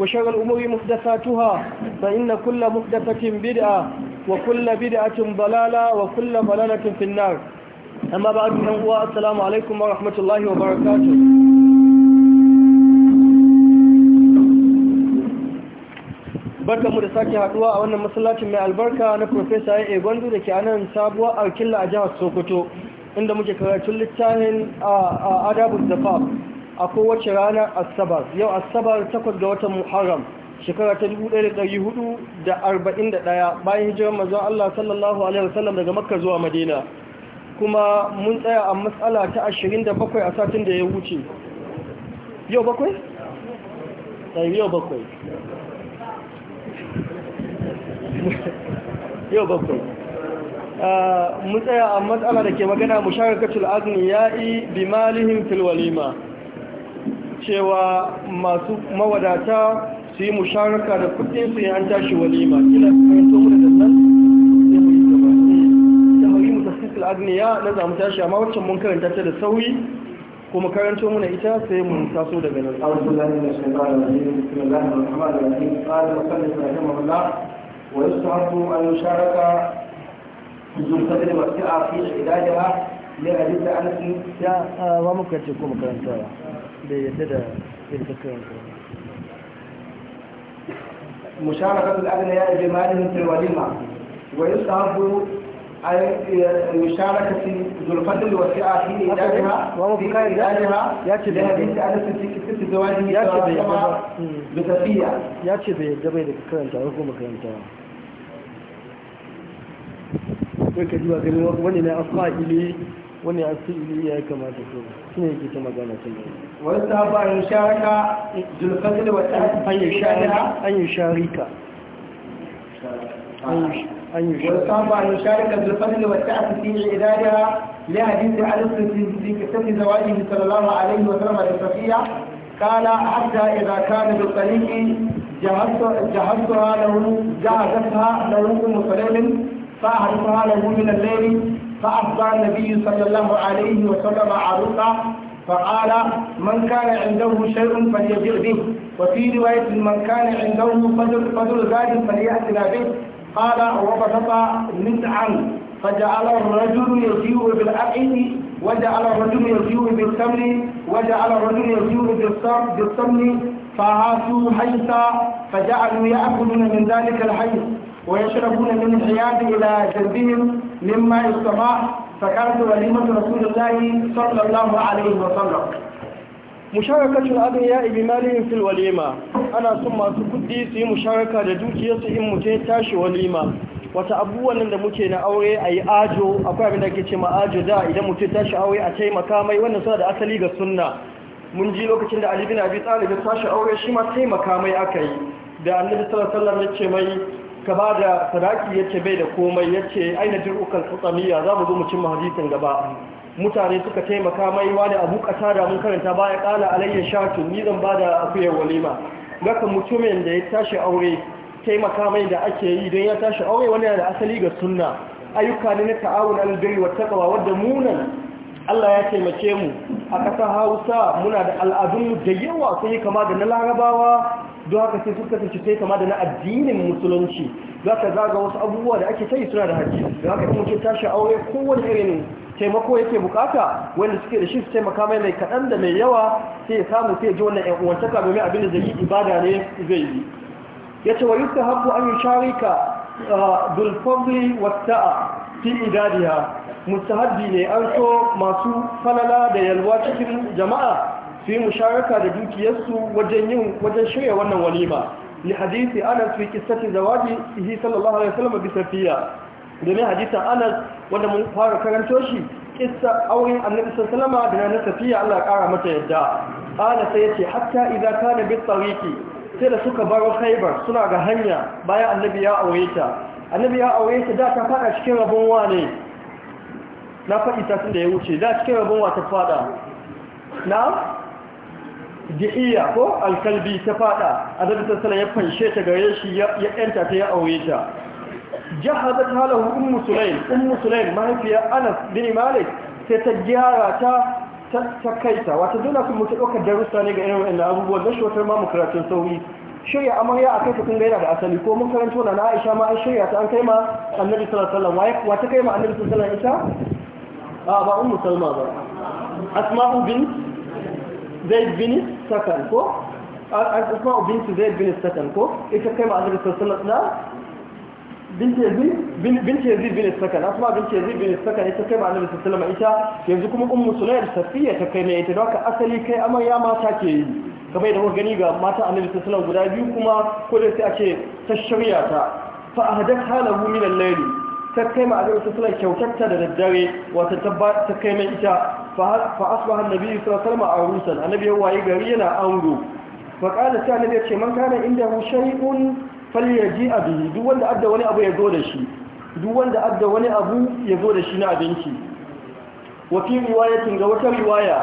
وشر الأمور محدثاتها فإن كل محدثة بدعة وكل بدعة ضلالة وكل ضلالة في النار أما بعد هو السلام عليكم ورحمة الله وبركاته barkamu da sake haduwa a wannan masallacin mai albarka na Profesa A. Gwandu da ke anan sabuwa a a jihar Sokoto inda muke karatun littafin a da Zafaf a kowace ranar asabar yau asabar takwas ga watan muharram shekara ta 1441 bayan hijirar mazan Allah sallallahu alaihi wasallam daga makka zuwa madina kuma mun tsaya a matsala ta 27 a satin da ya wuce yau bakwai? yau bakwai yau bakwai ah, mun tsaya a matsala da ke magana musharakatul azmi ya'i bi malihim Bimalihin, Filwalima. cewa masu mawadata su yi musharaka da kudin su yi an tashi walima kila kan to mu da da hawi agniya na zamu tashi amma mun karanta ta da sauri kuma karanto muna ita sai mun taso daga nan Allahu ne wa an yusharaka zulfatil fi ya ya wa da yadda da irtakayen kuma musharaka da aka ya ajiye ma'adinin tarwalima wani sabu a yi musharaka si zurfan da wasu a fi ne ya ce ha wa mafi kayan ya ce ha ya ce da yadda da alasin cikin cikin zama da ya ce da yadda da tafiya ya ce da hmm. yadda bai da karanta ko kuma karanta wani ka ji ba gani wani ne a fa'ili wani a fi'ili ya kamata to shi yake ta magana ta yi wani sabu an yi sharika zulfazil wa ta an yi sharika yi أن يشارك بالفضل والتعب في عدادها لحديث أنس في كتاب زواجه صلى الله عليه وسلم لصفية قال حتى إذا كان الطريق جهزتها له جهزتها له أم سليم فأحرقها له من الليل فأخبر النبي صلى الله عليه وسلم عروقا فقال من كان عنده شيء فليجع به وفي رواية من كان عنده فضل فضل ذلك فليأتنا به قال وبسط نسعا فجعل الرجل يجيء بالعقل وجعل الرجل يجيء بالتمر وجعل الرجل يجيء بالتمر فهاتوا حيثا فجعلوا يأكلون من ذلك الحيث ويشربون من الحياد إلى جنبهم مما يستطاع فكانت وليمة رسول الله صلى الله عليه وسلم مشاركة الأغنياء بمالهم في الوليمة أنا ثم سكدي في مشاركة لدوكي يصهم متيتاش وليمة wata abubuwan nan da muke na aure a yi ajo akwai abin da ke ce ma ajo da idan mutum tashi aure a taimaka makamai wannan suna da asali ga sunna mun ji lokacin da ali bin abi talib tashi aure shi ma taimaka makamai aka yi da annabi sallallahu alaihi wasallam ya ce mai ka ba da sadaki yace bai da komai yace aina jirukan tsamiya za mu zo mu cimma hadisin gaba mutane suka taimaka mai wani abu kasa da mun karanta baya kala alayya shatu ni zan ba da akuyar walima gaka mutumin da ya tashi aure taimaka mai da ake yi don ya tashi aure wani da asali ga sunna ayyuka ne na ta'awun albirri wa taqwa wanda munan Allah ya taimake mu a ƙasar Hausa muna da al'adunmu da yawa sun yi kama da na larabawa don haka sai suka kasance sai kama da na addinin musulunci za ka zaga wasu abubuwa da ake sai suna da hajji don haka kuma ke tashi aure kowane irin taimako yake bukata wanda suke da shi su taimaka mai mai kaɗan da mai yawa sai ya samu sai ji wannan uwantaka domin abin da zai yi ibada ne zai yi ya ce wa ta Habu an yi sharika dulfabli uh, a fi idadiya mustahabbi ne an so masu falala da yalwa cikin jama'a su yi musharaka da dukiyarsu wajen yin wajen shirya wannan walima li hadisi anas fi qissati zawaji ihi sallallahu alaihi wasallam bi safiya domin hadisin anas wanda mun fara karanto shi kissa auren annabi sallallahu alaihi wasallam da na safiya Allah ya kara mata yadda ana sai yace hatta idza kana bi tariqi sai da suka baro khaybar suna ga hanya bayan annabi ya aure ta annabi ya aure ta da ta fada cikin rabon wane na faɗi ta tun da ya wuce da cikin rabon wa ta fada na di'iya ko alkalbi ta fada annabi sallallahu ya fanshe ta gare shi ya yanta ta ya aure ta ta halahu ummu sulaim ummu sulaim mahaifiyar anas bin malik sai ta gyara ta ta kaita wata dole kuma ta ɗaukar darussa ne ga irin wa'annan abubuwan na shotar ma karatun sauri shirya amarya a kai ta kun gaira da asali ko mun karanto na aisha ma an shirya ta an kai ma annabi sallallahu alaihi wasallam ta kai ma annabi sallallahu alaihi wasallam ita a ba ummu salma ba asma'u zaid bin sakan ko asma binti zaid bin sakan ko ita kai ma'azir sallallahu da binti yazid binti yazid bin sakan asma binti yazid bin sakan ita kai ma'azir sallallahu ita yanzu kuma ummu sulayr safiya ta kai ne ita don haka asali kai amarya mata ke yi kamar da muka gani ga mata annabi sallallahu guda biyu kuma ko da sai ake ta shirya ta fa ahdath halahu min al-layli ta kai ma annabi sallallahu alaihi kyautarta da daddare wata ta kai mai ita fa asbaha annabi sallallahu alaihi wasallam arusan annabi ya waye gari yana ango fa qala sai annabi ya ce man kana indahu shay'un falyaji bihi duk wanda adda wani abu ya zo da shi duk wanda adda wani abu ya zo da shi na abinci wa fi riwayatin ga wata riwaya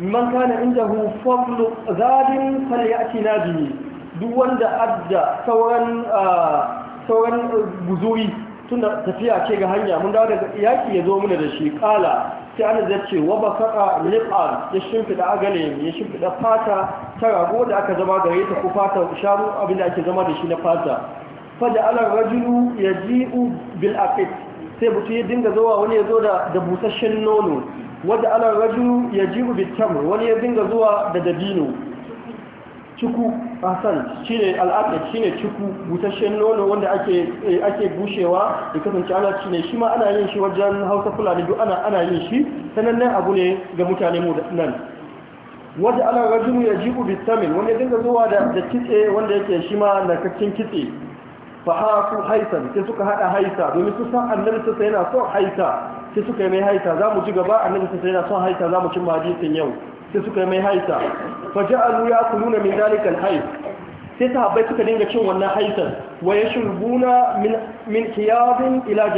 man kana indahu fadlu zadin falyatina bihi duk wanda adda sauran ah, sauran eh, guzuri tun da tafiya ce ga hanya mun dawo daga yaki ya zo mana da shi kala sai an zai ce wa ba saka lif'an ya shimfida agale ya shimfida fata ta rago da aka zama gare ta ko fata abin da ake zama da shi na fata fada alar rajulu u bil aqid sai mutum ya dinga zuwa wani ya zo da da busasshen nono wanda alar rajulu yaji'u bil tamr wani ya dinga zuwa da dabino ciku asan al'adar shi ne ciku butashen nono wanda ake bushewa da kasance ana ci ne shi ma ana yin shi wajen Hausa Fulani duk ana ana yin shi sanannen abu ne ga mutane mu nan wanda ana ji ku bitamin wanda dinga zuwa da da kitse wanda yake shi ma na kakkin kitse fa haku haisan sai suka hada haisa domin su san annabi sai yana son haisa sai suka yi mai haisa za mu ji gaba annabi sai yana son haisa za mu cimma hadisin yau sai suka yi mai haita faja'alu ja'alu ya'kuluna min zalika hayy sai sahabbai suka dinga cin wannan haitan waye yashrubuna min min khiyabin ila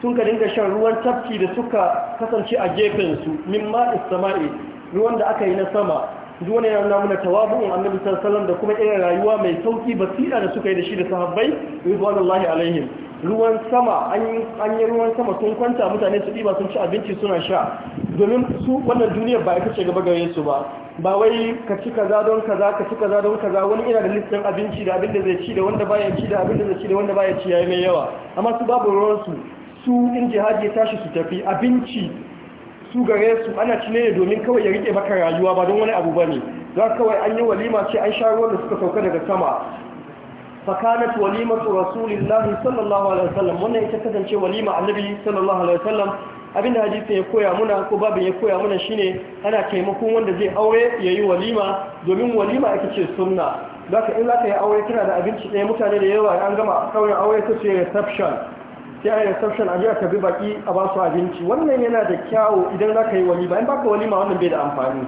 sun ka dinga shan ruwan tafki da suka kasance a gefen su min ma'is sama'i ruwan da aka yi na sama duk wani yana nuna tawabu in annabi sallallahu da kuma irin rayuwa mai sauki basira da suka yi da shi da sahabbai ridwanullahi alaihim ruwan sama an yi ruwan sama sun kwanta mutane su ɗiba sun ci abinci suna sha domin su wannan duniyar ba ita ce gaba gare su ba ba wai ka ci kaza don kaza ka ci kaza don kaza wani ina da listin abinci da abin da zai ci da wanda baya ci da abin da zai ci da wanda baya ci yayi mai yawa amma su babu ruwan su su in jihadi ya tashi su tafi abinci su gare su ana ci ne domin kawai ya rike maka rayuwa ba don wani abu ba ne za kawai an yi walima ce an sha ruwan da suka sauka daga sama fakanat walimatu rasulillahi sallallahu alaihi wasallam wannan ita kasance walima annabi sallallahu alaihi wasallam da hadisi ya koya muna ko babin ya koya muna shine ana taimakon wanda zai aure yayi walima domin walima ita ce sunna zaka in zaka yi aure kana da abinci ɗaya mutane da yawa an gama kauyen aure ta ce reception sai yi reception a ka bi baki a ba su abinci wannan yana da kyawo idan za ka yi walima in baka walima wannan bai da amfani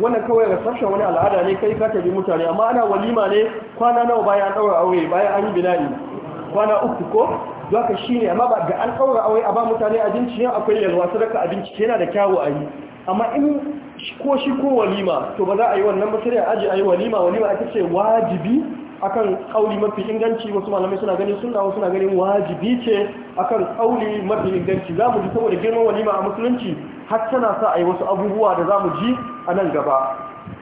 wannan kawai reception wani al'ada ne kai ka tabi mutane amma ana walima ne kwana nawa bayan an ɗaura aure bayan an yi binani kwana uku ko za ka shi ne amma ba ga an ɗaura aure a ba mutane abinci ne akwai yalwa sadaka abinci ke yana da kyawo a yi amma in ko shi ko walima to ba za a yi wannan ba sai a aji a yi walima walima ake ce wajibi akan kauli mafi inganci wasu malamai suna ganin sunna wasu suna ganin wajibi ce akan kauli mafi inganci zamu ji saboda girman walima a musulunci har tana sa a yi wasu abubuwa da zamu ji a nan gaba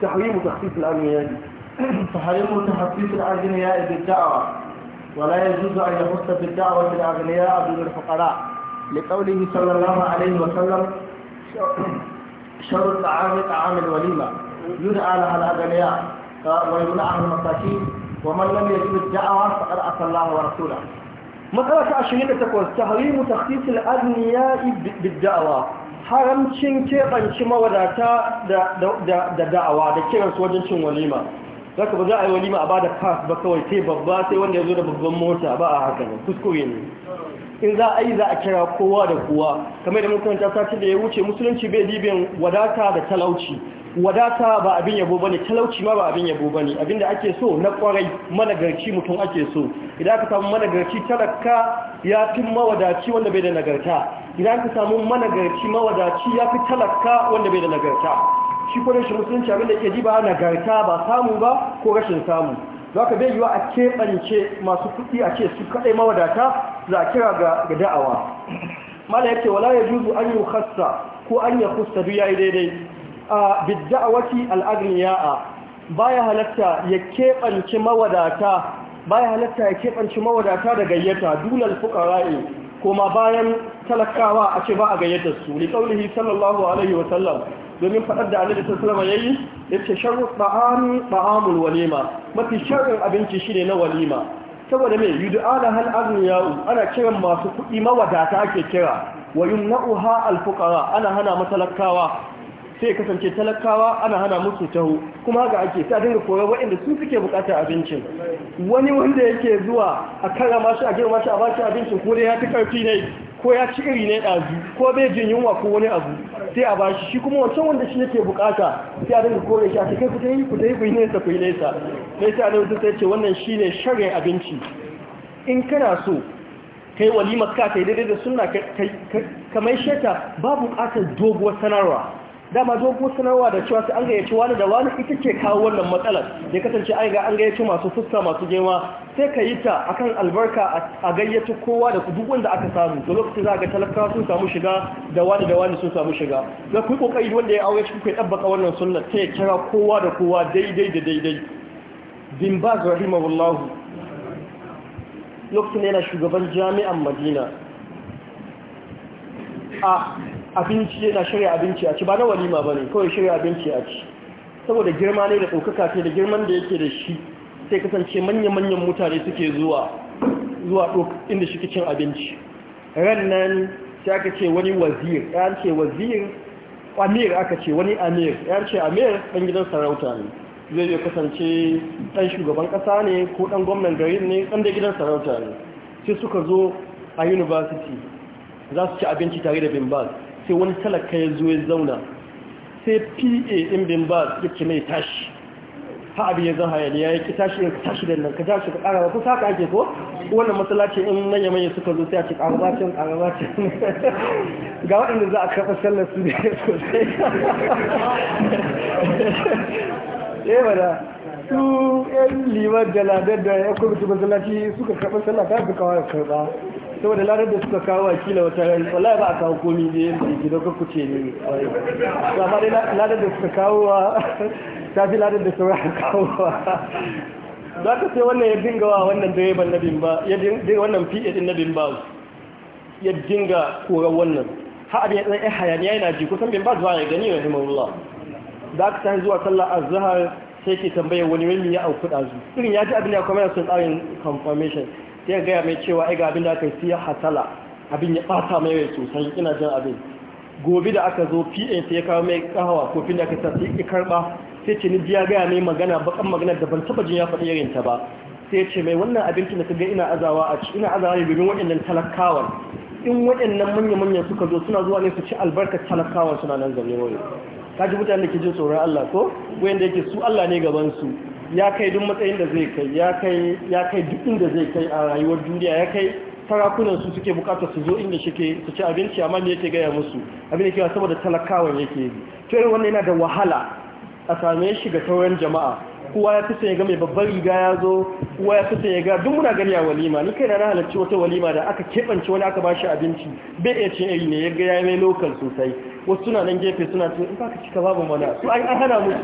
tahrimu tahsis al-amniyati tahrimu tahsis al-aghniyai bid-da'wa wa la yajuzu an yahussa bid-da'wa fil aghniyai dun al-fuqara liqawlihi sallallahu alayhi wa sallam sharru ta'ami ta'am al-walima yud'a laha al-aghniyai ويمنعه المساكين Matsalar لم يجب الدعوة فقد أتى الله ورسوله مسألة عشرين تقول تحريم تخصيص الأغنياء بالدعوة haramcin keɓance mawadata da da'awa da kiransu wajen cin walima za ka ba za a yi walima a ba da pass ba kawai sai babba sai wanda ya zo da babban mota ba a haka kuskure ne in za a yi za a kira kowa da kowa kamar da mun karanta sati da ya wuce musulunci bai dibin wadata da talauci wadata ba abin yabo bane talauci ma ba abin yabo bane abinda ake so na kwarai managarci mutum ake so idan ka samu managarci talaka ya fi mawadaci wanda bai da nagarta idan ka samu managarci mawadaci ya fi talaka wanda bai da nagarta shi ko kwarai shi musulunci da ke ji ba nagarta ba samu ba ko rashin samu za ka yiwa a keɓance masu kuɗi a ce su kaɗai mawadata za a kira ga da'awa mala yake wala ya juzu an yi hassa ko an ya kusa duk yayi daidai A bidda, a baya halatta ya kebanci mawadata baya halatta ya keɓanci mawadata da gayyata dulal fuqara'i kuma bayan talakawa a ce ba a gayyatar su li qaulihi sallallahu alaihi wa sallam domin faɗar da annabi sallallahu alaihi yayi yace sharru ta'ami ta'amul walima mafi sharrin abinci shine na walima saboda mai, me yud'ala hal aghniya'u ana kiran masu kuɗi mawadata ake kira wa yumna'uha al ana hana matalakawa sai ya kasance talakawa ana hana musu taho kuma haka ake ta dinga koyar waɗanda su suke bukatar abincin wani wanda yake zuwa a kara shi a girma shi a bashi abincin ko dai ya fi karfi ne ko ya ci iri ne ɗazu ko bai jin yunwa ko wani abu sai a bashi shi kuma wancan wanda shi yake bukata sai a dinga kore shi a cikin kuta yi kuta yi kuyi nesa kuyi nesa sai sai a dinga sai ce wannan ne shirin abinci in kana so kai walimar ka kai daidai da sunna kamai sheta babu bukatar doguwar sanarwa dama dogo sanarwa da cewa sai an gayyaci wani da wani ita ce kawo wannan matsalar Da ya kasance ai ga an gayyaci masu fuska masu gema sai ka yi ta akan albarka a gayyaci kowa da duk wanda aka samu da lokacin za ga talakawa sun samu shiga da wani da wani sun samu shiga da ku kokari wanda ya aure shi ku tabbata wannan sunna ta ya kira kowa da kowa daidai da daidai ga Rahima lokacin yana shugaban jami'an madina a abinci yana shirya abinci a ci ba na walima ba ne kawai shirya abinci a ci saboda girma ne da ɗaukaka ce da girman da yake da shi sai kasance manya-manyan mutane suke zuwa zuwa inda shi cin abinci ran nan sai aka ce wani wazir ya ce wazir amir aka ce wani amir ya ce amir ɗan gidan sarauta ne zai iya kasance ɗan shugaban ƙasa ne ko ɗan gwamnan gari ne ɗan da gidan sarauta ne sai suka zo a university za su ci abinci tare da bimbal sai wani talaka ya zo ya zauna sai pa in bimba ba mai tashi ha abin ya zan hayali ya ki tashi ya tashi da nan ka tashi ka ƙara wasu saka ake ko wannan matsala ce in manya manya suka zo sai a ce ƙara ce ƙara ce ga waɗanda za a kafa sallar su ne sosai eh bada su yan liman da ladar da ya kuma matsalaci suka kafa sallar ta fi kawai karɓa saboda larar da suka kawo a kila wata ran wallahi ba a kawo komi ne yadda yake da kuku ce ne ba ba larar da suka kawo wa ta fi larar da sauran kawo wa za ka sai wannan ya dinga wa wannan direban na bin ba ya dinga wannan fiye din na bin ba ya dinga koran wannan har abin ya eh, tsaye hayaniya yana ji kusan bin ba zuwa ya gani rahimahullah za ka sai zuwa sallar azhar sai ke tambayar wani wani ya auku ɗazu. irin ya ji abin ya kuma yana son tsarin confirmation sai gaya mai cewa ai ga abin da aka yi ya hasala abin ya ɓata mai yau sosai ina jin abin gobe da aka zo pn sai ya kawo mai kahawa kofin da aka sa sai ya karɓa sai ce ni ya gaya mai magana bakan magana da ban taba jin ya faɗi irin ta ba sai ce mai wannan abincin da ga ina azawa a ci ina azawa ne domin waɗannan talakawan in waɗannan manya-manya suka zo suna zuwa ne su ci albarkar talakawan suna nan zaune wani kaji mutane da ke jin tsoron Allah ko wanda yake su Allah ne gaban su ya kai duk matsayin da zai kai ya kai duk inda zai kai a rayuwar duniya ya kai sarakunan su suke bukatar su zo inda shike su ci abinci amma me yake gaya musu abin da kewa saboda talakawan yake yi to irin wannan yana da wahala a same shi ga tauran jama'a kowa ya fi ya ga mai babbar riga ya zo kowa ya fi ya ga duk muna gani a walima ni kai na halarci wata walima da aka keɓance wani aka ba shi abinci bai iya cin iri ne ya ga ya mai lokal sosai wasu suna nan gefe suna ce in baka cika babu mana su an hana musu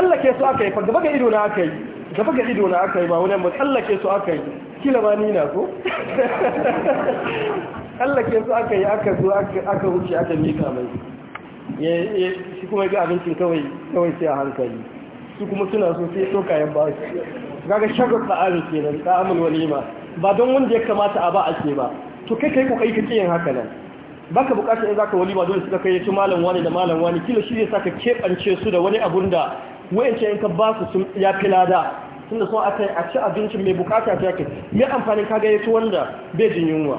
Allah ke su aka yi fa gaba ga ido na aka yi gaba ga ido na aka yi ba wani mutum Allah ke su aka yi kila ma ni na ko Allah ke su aka yi aka zo aka wuce aka mika mai ya shi kuma ga abincin kawai kawai sai a hankali su kuma suna so sai doka ya ba su gaga shagar ta'amin kenan amul walima ba don wanda ya kamata a ba a ce ba to kai kai kokari kake yin haka nan baka bukatar in zaka waliba dole suka kai ya ci malam wani da malam wani kila shi zai saka kebance su da wani abun da wayance in ka ba su sun ya fi lada da so akai a ci abincin mai bukata ta yake me amfanin kaga ci wanda bai jin yunwa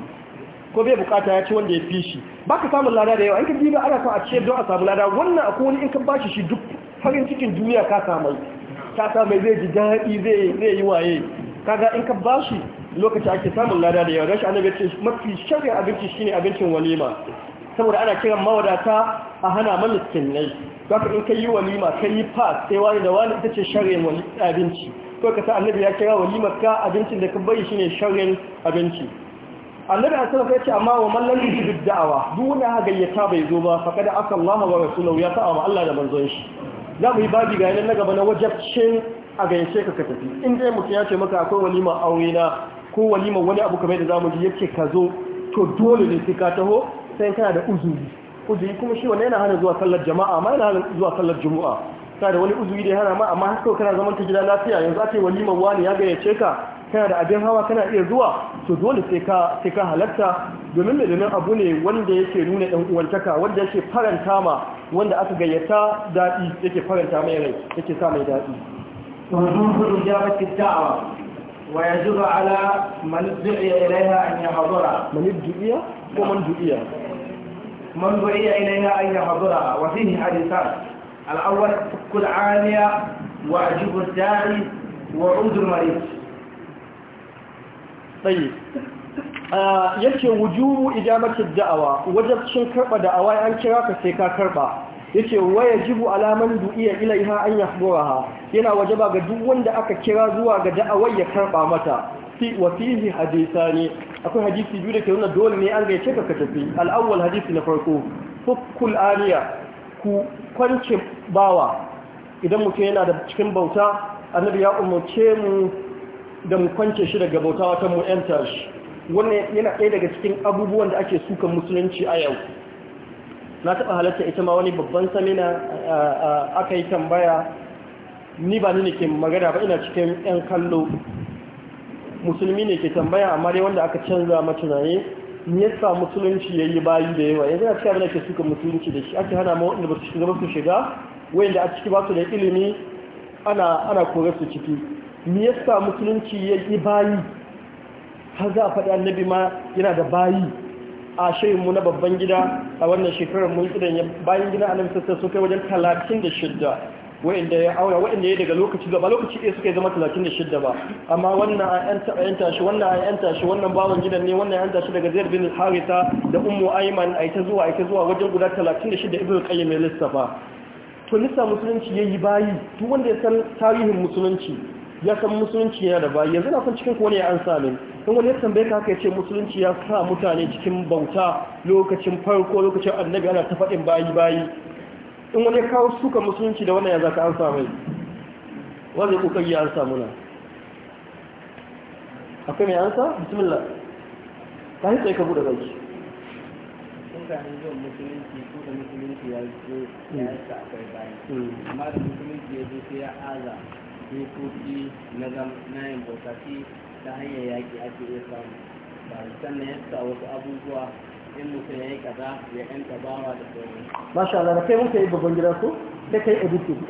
ko bai bukata ya ci wanda ya fi shi baka samu lada da yawa in ka diba ana so a ce don a samu lada wannan akwai wani in ka bashi shi duk farin cikin duniya ka samu ka samu zai ji daɗi zai yi waye kaga in ka bashi lokaci ake samun lada da yawa rashin annabi ce mafi shari'a abinci shine abincin walima saboda ana kiran mawadata a hana ne zaka in kai yi walima kai yi sai wani da wani ita ce sharrin abinci ko kasa annabi ya kira walima ka abincin da ka bai shine shari'a abinci annabi a sarrafa ya ce amma wa mallan da jibin da'awa duna ha gayyata bai zo ba fa kada aka lama wa rasuluhu ya ta'ama Allah da manzon shi za mu yi babi ga yanar na gaba na wajabcin a gaishe ka ka tafi in dai mutum ya ce maka akwai walima aure na ko walima wani abu kamar da zamu ji yake ka zo to dole ne sai ka taho sai kana da uzuri uzuri kuma shi wannan yana hana zuwa sallar jama'a amma yana hana zuwa sallar jumu'a sai da wani uzuri da hana ma amma haka kana zaman ta gida lafiya yanzu aka walima wani ya gayyace ka kana da abin hawa kana iya zuwa to dole sai ka sai ka halarta domin me domin abu ne wanda yake nuna dan uwantaka wanda yake faranta ma wanda aka gayyata dadi yake faranta mai rai yake sa mai dadi to dun ya da'awa ويجب على من دعي إليها أن يحضرها من دعي ومن نعم. دعي من دعي إليها أن يحضرها وفيه حديثان الأول كل عالية واجب الداعي وعود المريض طيب yake wujubu ijamatin da'awa wajen cin karba da'awa an kira ka sai ka karba yace waya jibu alaman du'iya ilaiha an yahburaha yana wajaba ga duk wanda aka kira zuwa ga da'awar ya karba mata fi wa fihi hadithani akwai hadisi biyu da ke nuna dole ne an ga ka ka tafi al-awwal hadisi na farko fukul aliya ku kwance bawa idan mutum yana da cikin bauta annabi ya umarce mu da mu kwance shi daga bauta wata mu yanta shi wannan yana ɗaya daga cikin abubuwan da ake sukan musulunci a yau na taɓa halatta ita ma wani babban samina aka yi tambaya ni ba ni ne ke magana ba ina cikin 'yan kallo musulmi ne ke tambaya amma dai wanda aka canza matunaye ne yasa musulunci ya yi bayi da yawa yanzu na cikin abin da ke suka musulunci da shi ake hana ma waɗanda ba su shiga ba su shiga wayanda a ciki ba su da ilimi ana ana kore su ciki me yasa musulunci ya yi bayi har za a faɗi annabi ma yana da bayi a shirinmu na babban gida a wannan shekarar mun tsidan bayan gida annabi sassa su kai wajen 36 wa'inda ya aura wa'inda ya daga lokaci gaba lokaci ɗaya suka yi zama 36 ba amma wannan a yanta shi wannan a yanta shi wannan bawan gidan ne wannan a yanta shi daga Zaid bin Haritha da Ummu Ayman a ta zuwa ai ta zuwa wajen guda 36 Ibn Qayyim ya lissafa to lissa musulunci yayi bayi duk wanda ya san tarihin musulunci ya san musulunci yana da bayi yanzu na san cikin wani ya an sami in wani ya tambaye ka ce musulunci ya sa mutane cikin bauta lokacin farko lokacin annabi ana ta faɗin bayi bayi in wani ya kawo suka musulunci da wannan ya zaka an sami wanda ya kokari ya an samu na akwai mai ansa bismillah ta hitsa ka kabu da musulunci ya zo ya sa akwai bayi hmm. amma da musulunci ya zo sai ya aza dokoki na yin bautaki ta hanyar yaƙi ake iya samu ba sannan sa wasu abubuwa in mutum ya yi kaza ya yan tabawa da sauran masha Allah kai muka yi babban gida ko da kai editing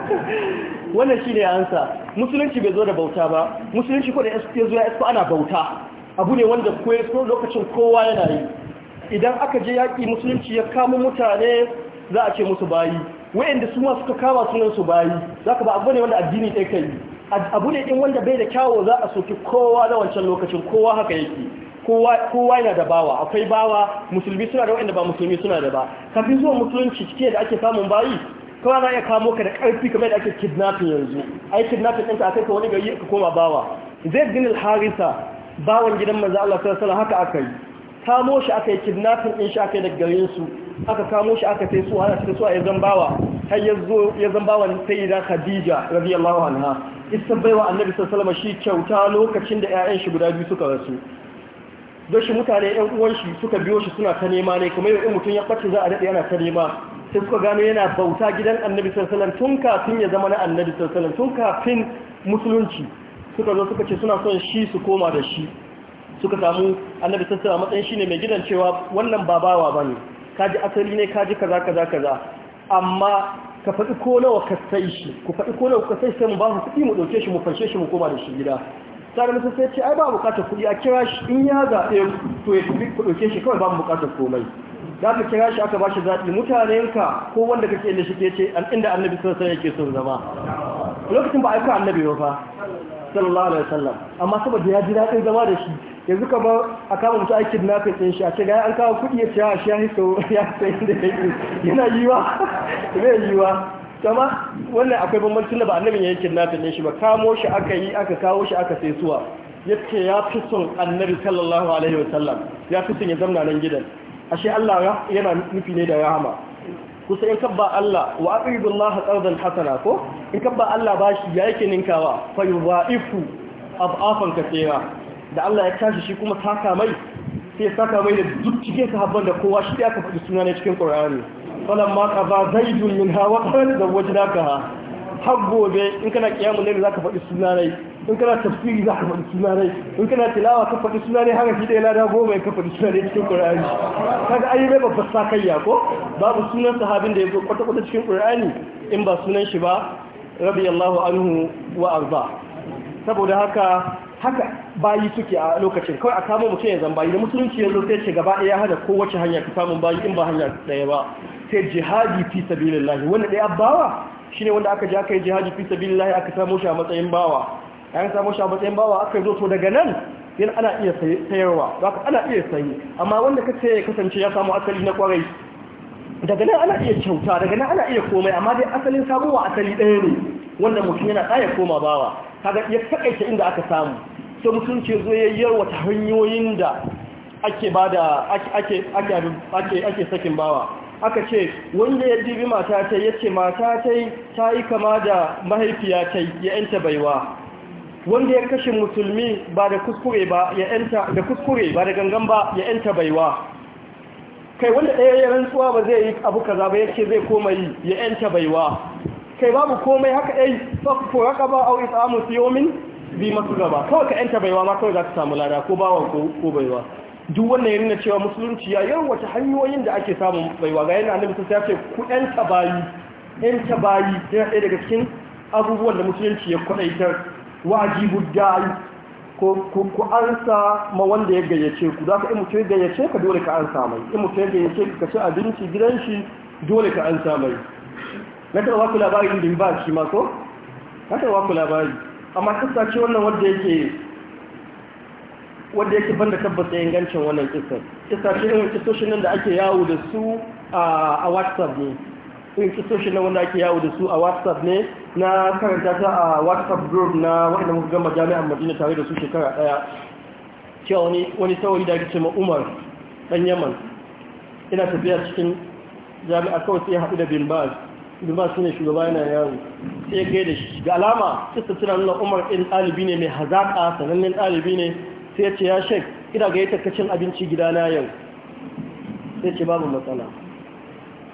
wannan shine ansa musulunci bai zo da bauta ba musulunci ko da ya zo ya isko ana bauta abu ne wanda ko lokacin kowa yana yi idan aka je yaƙi musulunci ya kama mutane za a ce musu bayi wayanda su ma suka kama sunan su bayi zaka ba abu ne wanda addini ɗaya kai abu ne din wanda bai da kyawo za a soki kowa da wancan lokacin kowa haka yake kowa yana da bawa akwai bawa musulmi suna da wayanda ba musulmi suna da ba kafin zuwa musulunci cike da ake samun bayi kawa na iya kamo ka da karfi kamar da ake kidnapping yanzu ai kidnapping ɗinka a kai ka wani gari ka koma bawa zai bin al bawan gidan manzo Allah sallallahu haka aka yi kamo shi aka yi kidnapping ɗin shi aka yi daga gare su aka kamo shi aka sai su aka cikin su a yazan har ya zo ya zan bawa sayyida khadija radiyallahu anha isa baiwa annabi sallallahu shi kyauta lokacin da ƴaƴan shi guda biyu suka rasu don shi mutane ƴan uwan shi suka biyo shi suna ta nema ne kuma yau mutum ya ɓace za a daɗe yana ta nema sai suka gano yana bauta gidan annabi sallallahu tun kafin ya zama na annabi sallallahu tun kafin musulunci suka zo suka ce suna son shi su koma da shi suka samu annabi sassa a matsayin shine mai gidan cewa wannan ba bawa bane kaji asali ne kaji kaza kaza kaza amma ka faɗi ko nawa ka sai shi ku faɗi ko nawa ka sai shi mu ba mu kuɗi mu ɗauke shi mu fanshe shi mu koma da shi gida sai da sai ce ai ba bukatar kuɗi a kira shi in ya zaɓe to ya kuɗi ku ɗauke shi kawai ba mu bukatar komai Da ka kira shi aka ba shi zaɓi mutanenka ko wanda kake inda shi ke ce inda annabi sassa yake son zama lokacin ba aika annabi ba fa sallallahu alaihi wasallam amma saboda ya ji daɗin zama da shi yanzu ka ba a kama mutu aiki na fetsin shi a ce gaya an kawo kudi ya ce ah, shi ya yi hiso ya sayi da yi yana wa zai yiwa sama wannan akwai bambancin da ba annabin ya yi kidnapping shi ba kamo shi aka yi aka kawo shi aka sai suwa ya ce ya fi son annabi sallallahu alaihi wa sallam ya fi son ya zamna nan gidan ashe Allah yana nufi ne da rahama kusa in kabba Allah wa Allah qardan hasana ko in kabba Allah bashi ya yake ninkawa fa yudha'ifu ab'afan kaseera da Allah ya tashi shi kuma saka mai sai saka mai da duk cikin sahabban da kowa shi aka faɗi suna ne cikin ƙorari falan ma qaba zaidun da wa qad ha. har gobe in kana kiyamun ne ka faɗi suna ne in kana tafsiri ka faɗi suna ne in kana tilawa ka faɗi suna ne haka shi da goma ka faɗi suna ne cikin ƙorari kaga ayi bai babbar sakayya ko babu sunan sahabin da ya kwata-kwata cikin ƙorari in ba sunan shi ba radiyallahu anhu wa ba. saboda haka haka bayi suke a lokacin kawai a samu mutum ya zan bayi da musulunci ya zo sai ce gaba ɗaya hada kowace hanya ka samun bayi in ba hanya ɗaya ba sai jihadi fi sabilillahi wanda ɗaya bawa shine wanda aka je aka yi jihadi fi sabilillahi aka samu shi a matsayin bawa an samu shi a matsayin bawa aka zo to daga nan yana ana iya sayarwa Za zaka ana iya sayi amma wanda ka ya kasance ya samu asali na kwarai daga nan ana iya kyauta daga nan ana iya komai amma dai asalin samuwa asali ɗaya ne wanda mutum yana ɗaya koma bawa kaga ya takaita inda aka samu sai musulunci zo ya wata hanyoyin da ake ba da ake sakin bawa aka ce wanda ya dibi mata ta ce mata ta ta yi kama da mahaifiya ta ya yanta baiwa wanda ya kashe musulmi ba da kuskure ba ya yanta da kuskure ba da gangan ba ya yanta baiwa kai wanda ɗaya ya rantsuwa ba zai yi abu kaza ba yace zai koma yi ya yanta baiwa kai babu komai haka ɗai fa raka ba au isamu siyomin bi masu gaba kawai ka yanta baiwa ma kawai za ta samu lada ko bawan ko baiwa duk wannan yana cewa musulunci ya yi wata hanyoyin da ake samun baiwa ga yana annabi sai ya ce ku yanta bayi yanta bayi yana ɗaya daga cikin abubuwan da musulunci ya kwaɗaitar wajibu da'i ko ku ansa ma wanda ya gayyace ku za ka yi mutum ya gayyace ka dole ka ansa mai in mutum ya gayyace ka ci abinci gidan shi dole ka ansa mai na taɓa ku din ba shi ma ko na taɓa ku labari amma kasa ce wannan wadda yake wadda yake banda tabbata ingancin wannan kisar. kisa ce irin kisoshin nan da ake yawo da su a whatsapp ne irin kisoshin nan wanda ake yawo da su a whatsapp ne na karanta ta a whatsapp group na wadanda muka gama jami'an madina tare da su shekara ɗaya cewa wani wani da ake ce ma umar yaman ina tafiya cikin jami'a kawai sai ya haɗu da bin baz da ba su ne shugaba yana yawo. sai gai da shi ga alama kista tunan nuna umar ɗin ɗalibi ne mai hazaƙa sanannen ɗalibi ne sai ya ce ya shek ina ga yata kacin abinci gidana yau sai ce babu matsala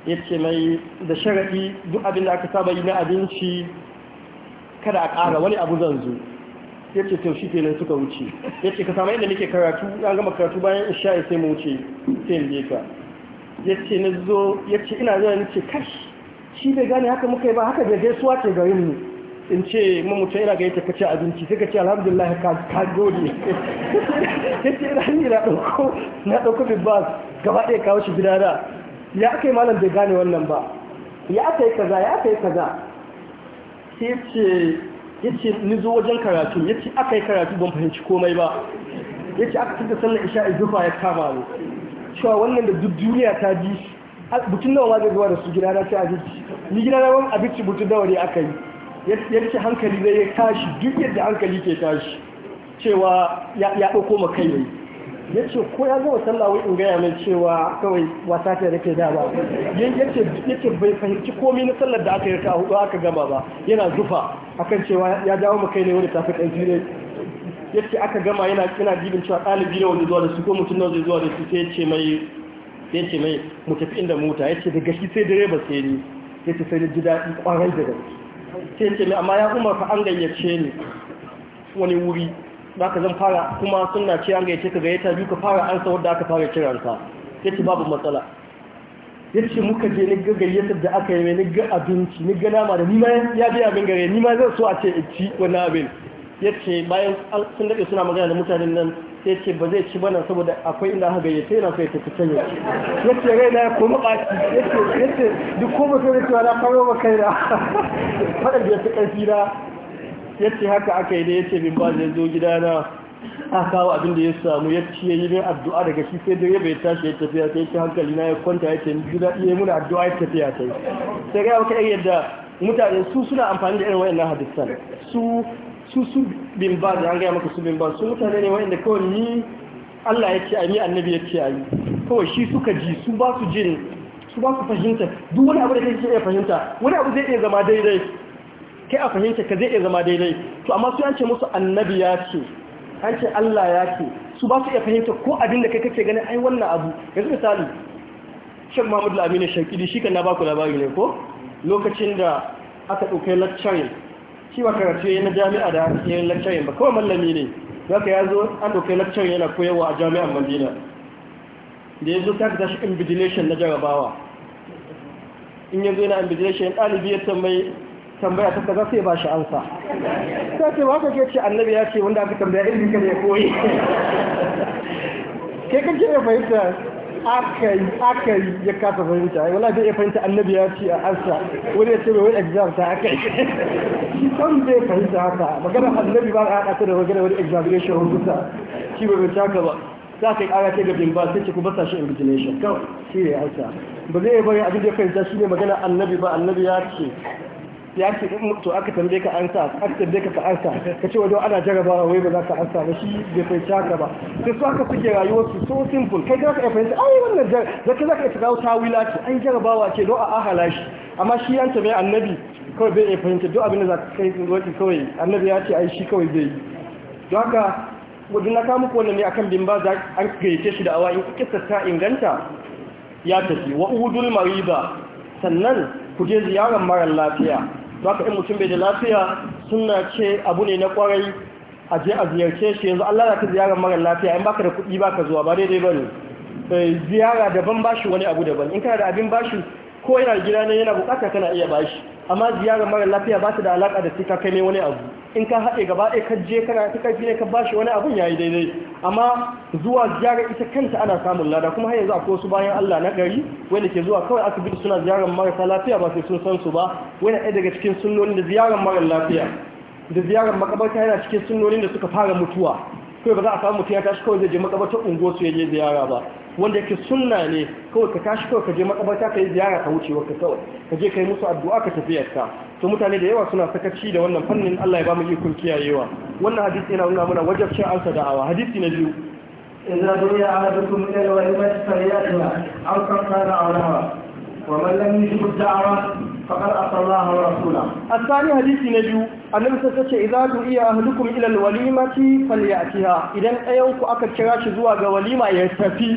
ya ce mai da sharaɗi duk abin da aka saba yi na abinci kada a ƙara wani abu zan zo ya ce to shi kenan suka wuce ya ce ka samu inda nake karatu an gama karatu bayan isha'i sai mu wuce sai in je ka ya ce na zo ya ce ina zuwa ni ce kashi shi bai gane haka muka yi ba haka da gaisuwa ce garin mu in ce mamuta yana gaita ka ci abinci sai ka ce alhamdulillah ka gode ya ce ina ni na ɗauko na ɗauko big bus gaba ɗaya kawo shi gida da ya aka yi malam bai gane wannan ba ya aka yi kaza ya aka yi kaza sai ce ya ce ni zo wajen karatu ya ce aka yi karatu ban fahimci komai ba ya ce aka da sannan isha'i zufa ya kama ne. cewa wannan da duk duniya ta ji butun nawa ma zai zuwa da su gida na ta abinci ni gida na wani abinci butun nawa ne aka yi ya ce hankali zai tashi duk yadda hankali ke tashi cewa ya ɗauko ma kai ne ya ce ko ya zama sallah in gaya mai cewa kawai wasa ta rike da ba ya ce bai fahimci komai na sallar da aka yi ta hudu aka gama ba yana zufa akan cewa ya dawo ma kai ne wani tafi ɗan jirai ya ce aka gama yana yana dibin cewa ɗalibi ne wanda zuwa da su ko mutum na zai zuwa da su sai ya ce mai sai ce mai mutafi inda mota ya ce daga shi sai direba sai ni ya ce sai ji daɗi ƙwarai da gaske sai ce mai amma ya umar ka an gayyace ni wani wuri za ka zan fara kuma suna ce an gayyace ka gayyata biyu ka fara ansa wadda aka fara kiranka ya ce babu matsala ya ce muka je ni gayyatar da aka yi mai ni ga abinci ni ga nama da ni ma ya biya min gare ni ma zan so a ce ci wani abin ya ce bayan sun daɗe suna magana da mutanen nan ya ce ba zai ci bana saboda akwai inda aka gayyace yana kai ta fitan can ya ya ce rai na ya koma ɓaci ya ce ya ce duk ko ba da cewa na kawo ba kai na faɗar da fi ƙarfi na ya ce haka aka yi da ya ce bin ba zai zo gida na a kawo abin da ya samu ya ce ya yi min addu'a daga shi sai dai ya bai tashi ya tafiya sai ya ce hankali na ya kwanta ya ce gida iya muna addu'a ya tafiya sai sai ga maka yadda mutane su suna amfani da irin wayannan hadisan su Susu bin ba da an gaya maka su bin ba su mutane ne wa'inda kawai ni Allah ya ce a ni annabi ya ce a yi kawai shi suka ji su ba su jin su ba su fahimta duk wani abu da kai ke iya fahimta wani abu zai iya zama daidai kai a fahimta ka zai iya zama daidai to amma su an ce musu annabi ya ce an ce Allah ya ce su ba su iya fahimta ko abin da kai kake ganin ai wannan abu yanzu misali Sheikh Muhammad Lamine amin Shakidi shi kan na baku labari ne ko lokacin da aka dauke lecture shi ba karatu yayin na jami'a da yayin lecturing ba kawai mallami ne zaka ya zo an dauke lecturing yana koyarwa a jami'an Madina da ya zo ta da shi invigilation na jarabawa in ya zo yana invigilation ɗalibi ya tambayi tambaya ta kaza sai ba shi ansa ta ce ba ka ke ce annabi ya ce wanda aka tambaya ilmi ka ne koyi kai kake ya fahimta aka yi aka yi ya kasa fahimta wala zai fahimta annabi ya ce a ansa wani ya ce wai exam ta aka yi shi san zai fahimta haka magana annabi ba a haɗa da magana wani examination rubuta shi bai fahimta haka ba za ka yi kara ce ga bimba sai ce ku basa shi origination kawai shi ne ansa ba zai bari abin da ya fahimta shi ne magana annabi ba annabi ya ce ya ce mutu mm, aka tambaye ka ansa aka tambaye ka ka ansa ka ce wajen ana jarabawa wai ba za ka ansa ba shi bai fai shaka ba sai su haka suke rayuwar su so simple kai za ka iya fahimta ai wannan jar zaka za ka iya tsaro wila ce ai jarabawa ce don a ahala shi amma shi an tambaye annabi kawai bai iya fahimta duk abin da za ka kai zuwa kawai annabi ya ce ai shi kawai zai yi don haka wajen na kamu ko ne akan bimba za an gayyace shi da awa in kisa ta inganta ya tafi wa udul mariba sannan ku je ziyarar mara lafiya ba ka in mutum bai da lafiya suna ce abu ne na kwarai a je a ziyarce shi yanzu Allah lalata ka ziyarar mara lafiya in baka da kuɗi baka zuwa ba daidai dai ne eh, ziyara daban bashi wani abu daban in kana da abin bashi ko yana gida ne yana bukata kana iya bashi amma ziyarar mara lafiya ba su da alaƙa da sai kai ne wani abu in ka haɗe gaba ɗaya ka je kana ta ƙarfi ne ka ba shi wani abun yayi daidai amma zuwa ziyarar ita kanta ana samun lada kuma har yanzu akwai wasu bayan Allah na gari wanda ke zuwa kawai asibiti suna ziyarar marasa lafiya ba sai sun san su ba wani ɗaya daga cikin sunnonin da ziyarar mara lafiya da ziyarar makabarta yana cikin sunnonin da suka fara mutuwa kawai ba za a samu mutum ya tashi kawai zai je makabartar unguwar su ya je ziyara ba wanda yake sunna ne kawai ka tashi kawai ka je makabarta ka yi ziyara ka wuce ka kawai ka je ka yi musu addu'a ka tafi to mutane da yawa suna sakaci da wannan fannin Allah ya ba mu ikon kiyayewa wannan hadisi yana nuna mana wajabcin ansa da'awa hadisi na biyu إذا دعي أحدكم إلى الوليمة فليأتها أو كم كان أولها ومن لم يجب الدعوة فقد أتى hadisi na biyu, حديث نجو النبي صلى الله عليه وسلم إذا دعي أهلكم إلى الوليمة فليأتها إذا أيوك أكد كراش زواج وليمة يستفي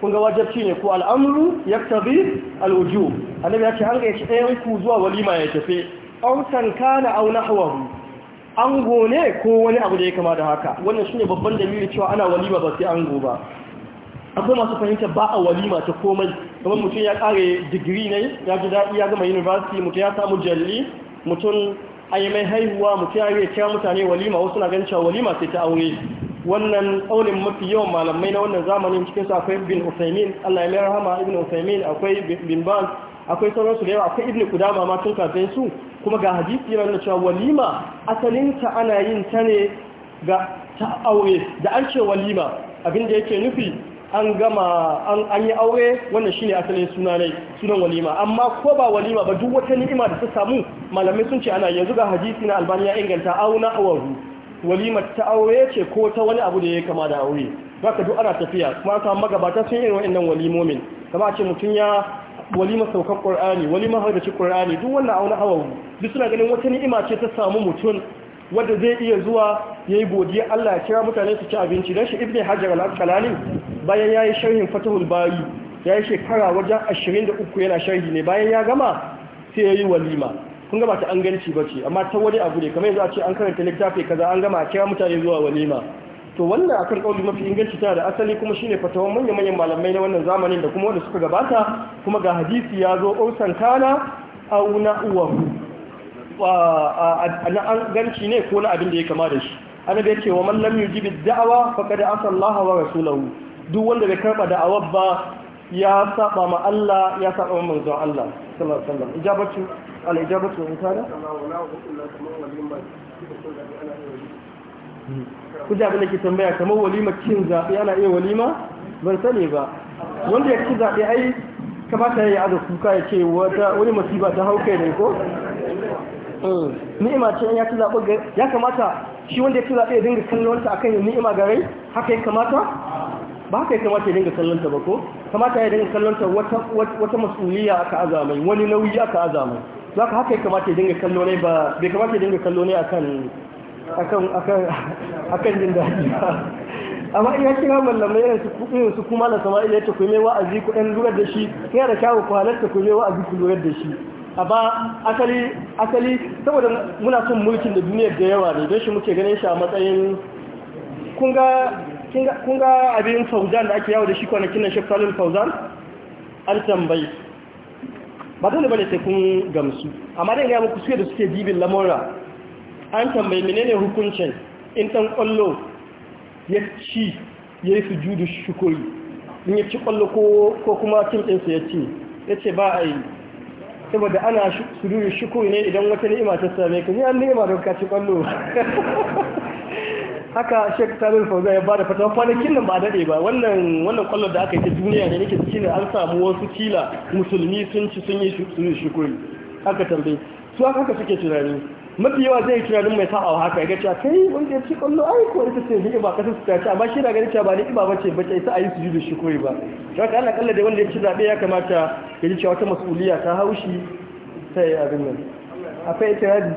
kun ga wajabci ne ko al'amru yaktabi aluju annabi ya ce an ga shi ɗayan ku zuwa walima ya tafe? An san kana aw nahwahu ango ne ko wani abu da ya kama da haka wannan ne babban dalilin cewa ana walima ba sai an ba akwai masu fahimta ba a walima ta komai kamar mutum ya kare digiri ne ya ji daɗi ya gama university mutum ya samu jalli mutum a yi mai haihuwa mutum ya yi kira mutane walima wasu na ganin cewa walima sai ta aure wannan ƙaunin mafi yawan malamai na wannan zamanin cikin su akwai bin Usaimin Allah ya mai rahama ibn Usaimin akwai bin Baz akwai sauran su da yawa akwai ibn Kudama ma tun kafin su kuma ga hadisi yana cewa walima asalin ta ana yin ta ne ga ta aure da an ce walima abinda yake nufi an gama an yi aure wannan shine asalin suna ne sunan walima amma ko ba walima ba duk wata ni'ima da ta samu malamai sun ce ana yanzu ga hadisi na Albani ya inganta auna awaru walimar ta aure ce ko ta wani abu da ya kama da aure ba ka duk ana tafiya kuma ta magabata sun irin wa'annan walimomin kama ce mutum ya walima saukar ƙur'ani walima ci ƙur'ani duk wannan auna hawa duk suna ganin wata ni'ima ce ta samu mutum wadda zai iya zuwa ya yi godiya Allah ya kira mutane su ci abinci don shi ibn hajar al bayan ya yi sharhin fatahul bari ya yi shekara wajen uku yana sharhi ne bayan ya gama sai ya yi walima kun gaba ta an ganci ba ce amma ta wani abu ne kamar yanzu a ce an karanta littafi kaza an gama kira mutane zuwa walima to wannan akan kauli mafi inganci tana da asali kuma shine fatawan manyan manyan malamai na wannan zamanin da kuma wanda suka gabata kuma ga hadisi ya zo ursan kana au na'uwahu na an ganci ne ko na abin da ya kama da shi Ana bai cewa wa man lam yujibi da'awa faqad asallaha wa rasulahu duk wanda bai karba da'awar ba ya saba ma Allah ya saba ma manzon Allah sallallahu alaihi wasallam ijabatu الإجابة wa ku ji abin da ke tambaya kamar walima cin zaɓe ana iya walima ban sani ba wanda ya ci zaɓe ai kamata ya yi aza kuka ya ce wani masifa ta hau kai ne ko ni'ima ce ya ci zaɓe ya kamata shi wanda ya ci ya dinga kallonta ba haka ya kamata ya dinga kallonta ba ko kamata ya dinga kallonta wata mas'uliya aka azamai wani nauyi aka azamai za ka haka ya kamata ya dinga kallo ne a kan jin daɗi ba amma iya ya kira mallamai irin su su kuma da sama'ila ya tafi mai wa'azi ku ɗan lura da shi ya da kyawun ku halatta ku mai wa'azi ku lura da shi a ba asali saboda muna son mulkin da duniyar da yawa ne don shi muke ganin shi a matsayin kun ga abin fauzan da ake yawo da shi kwanakin na shek fauzan an tambayi ba dole bane sai kun gamsu amma dai ga muku suke da suke bibin lamora an tambayi menene hukuncin in dan kallo ya ci ya yi sujudu shukuri in ya ci kwallo ko kuma din ɗinsa ya ci ya ce ba a saboda ana sujudu shukuri ne idan wata ni'ima ta same ka ni an ni'ima da ka ci kwallo haka shek salil fauza ya bada fatawa kwanakin nan ba daɗe ba wannan wannan kwallon da aka yi ta duniya ne nake cikin an samu wasu kila musulmi sun ci sun yi shukuri aka tambaye su haka suke tunani mafi yawa zai tunanin mai sa'a haka ya cewa kai wanda ya ci kwallo ai ko ita ce ni ba kasar su ci amma shi na ganin cewa ba ni ba ba bace ita ayi su judu shukuri ba to haka Allah kalla da wanda ya ci zabe ya kamata ya ji cewa wata mas'uliya ta haushi sai abin nan akwai itiradi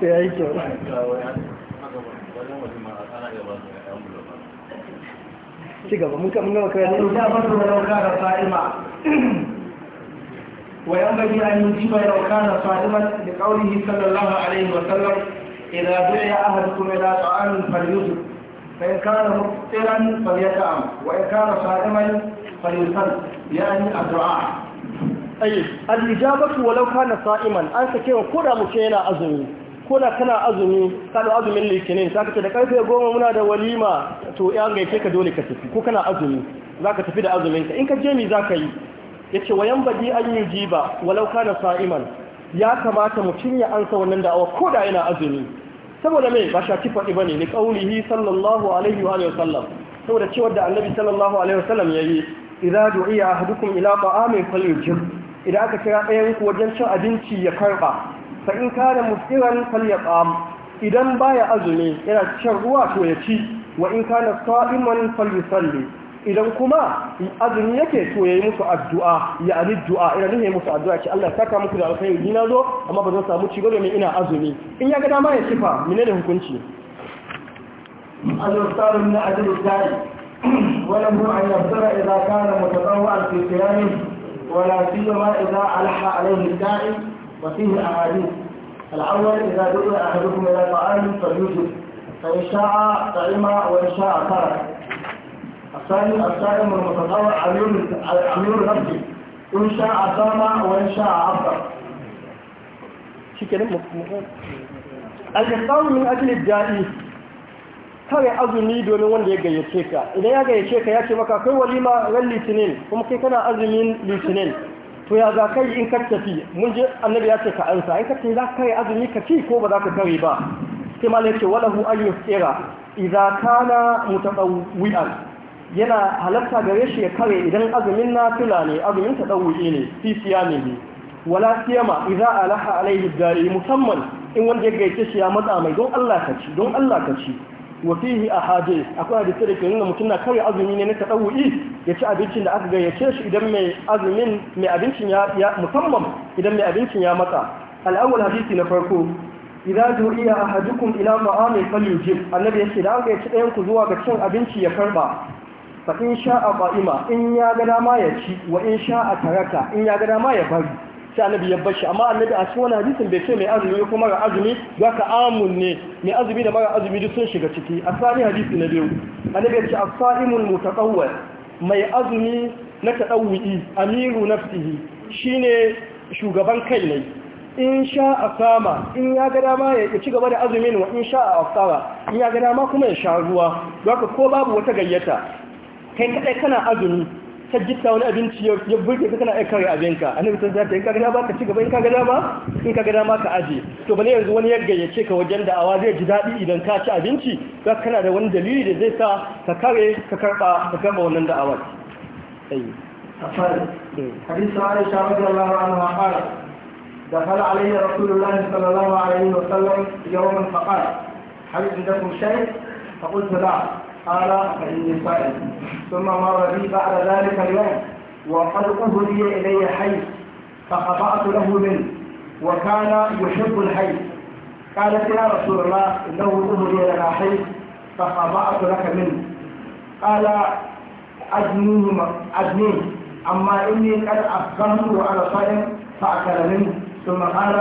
sai yi kyau ci gaba mun kamun gaba kare da ba su da kana sa'ima wa yanbaghi an yujiba law kana sa'ima da qawlihi sallallahu alaihi wa sallam idza du'a ahadukum ila ta'amin falyusib fa in kana muftiran falyata'am wa in kana sa'iman falyusal yani addu'a ayi al-ijabatu walau kana sa'iman an sake wa koda mutum yana azumi kuna kana azumi kana azumin litinin za ce da karfe goma muna da walima to ya gaife ka dole ka tafi ko kana azumi zaka tafi da azumin ka in ka je mi zaka yi yace wayan badi an yi jiba walau kana sa'iman ya kamata mutum ya ansa wannan da'awa ko da yana azumi saboda mai ba shaki faɗi ba ne kaulihi sallallahu alaihi wa wasallam saboda cewar da annabi sallallahu alaihi wasallam yayi ya idza du'iya ahadukum ila ta'amin falyujib idan aka kira ɗayan ku wajen cin abinci ya karɓa fa in kana muskiran falyaqam idan baya azumi yana shan ruwa to ya ci wa in kana sa'iman falyusalli idan kuma azumi yake to yayi musu addu'a ya addu'a ina nuna musu addu'a ce Allah saka muku da alkhairi ni nazo amma ba zan samu ci gaba mai ina azumi in ya ga dama ya cifa menene hukunci al-iftar min ajli al-da'i wala mu an yafsara idza kana mutatawwa'an fi siyamihi wala siyama idza alha alayhi al-da'i وفيه أحاديث الأول إذا دعي أحدكم إلى طعام فليجب فإن شاء طعم وإن شاء ترك الثاني الصائم المتطوع عمير نفسه إن شاء صام وإن شاء عبر شكرا الإفطار من أجل الدائي kare azumi domin wanda ya gayyace ka idan ya gayyace ka ya ce maka kai walima ran litinin kuma kai kana azumin litinin to ya za ka yi in ka tafi mun je annabi ya ce ka ansa in ka ce za ka yi azumi ka ci ko ba za ka kare ba sai malai ce walahu ayu tsira idza kana mutadawwi'an yana halatta gare shi ya kare idan azumin nafila ne azumin ta tadawwi ne fi siyami ne wala siyama idza alaha alaihi dari musamman in wanda ya gaice shi ya matsa mai don Allah ka ci don Allah ka ci wa fihi ahadith akwai hadisi da ke nuna mutum na kawai azumi ne na tadawu'i ya ci abincin da aka gayyace shi idan mai azumin mai abincin ya musamman idan mai abincin ya matsa al-awwal hadisi na farko idza du'iya ahadukum ila ma'amin falyujib annabi yace da aka yace ɗayan ku zuwa ga cin abinci ya karba fa in sha'a qa'ima in ya ga dama ya ci wa in sha'a taraka in ya ga dama ya bari sai annabi ya bashi amma annabi a cikin wannan hadisin bai ce mai azumi ko mara azumi ga ka amun ne mai azumi da mara azumi duk sun shiga ciki a sani hadisi na biyu annabi ya ce as-sa'imul mai azumi na tadawwi amiru nafsihi shine shugaban kai ne in sha a sama in ya ga dama ya ci gaba da azumin wa in sha a afsara in ya ga dama kuma ya sha ruwa ga ko babu wata gayyata kai kadai kana azumi ka gitta wani abinci ya burge ka kana aika ga abinka annabi sun zata in ka gada ba ka ci gaba in ka gada ba in ka gada ma ka aje to bane yanzu wani ya gayyace ka wajen da awa zai ji daɗi idan ka ci abinci za ka kana da wani dalili da zai sa ka kare ka karɓa ka karɓa wannan da'awar حديث عائشة رضي الله عنها قالت دخل علي رسول الله صلى الله عليه وسلم يوما فقال da عندكم شيء؟ فقلت لا قال فإني صائم ثم مر بي بعد ذلك اليوم وقد أهدي إلي حي فخطأت له منه وكان يحب الحي قالت يا رسول الله إنه أهدي لنا حي فخطأت لك منه قال أدنيه أدنيه أما إني قد أفقمت وأنا صائم فأكل منه ثم قال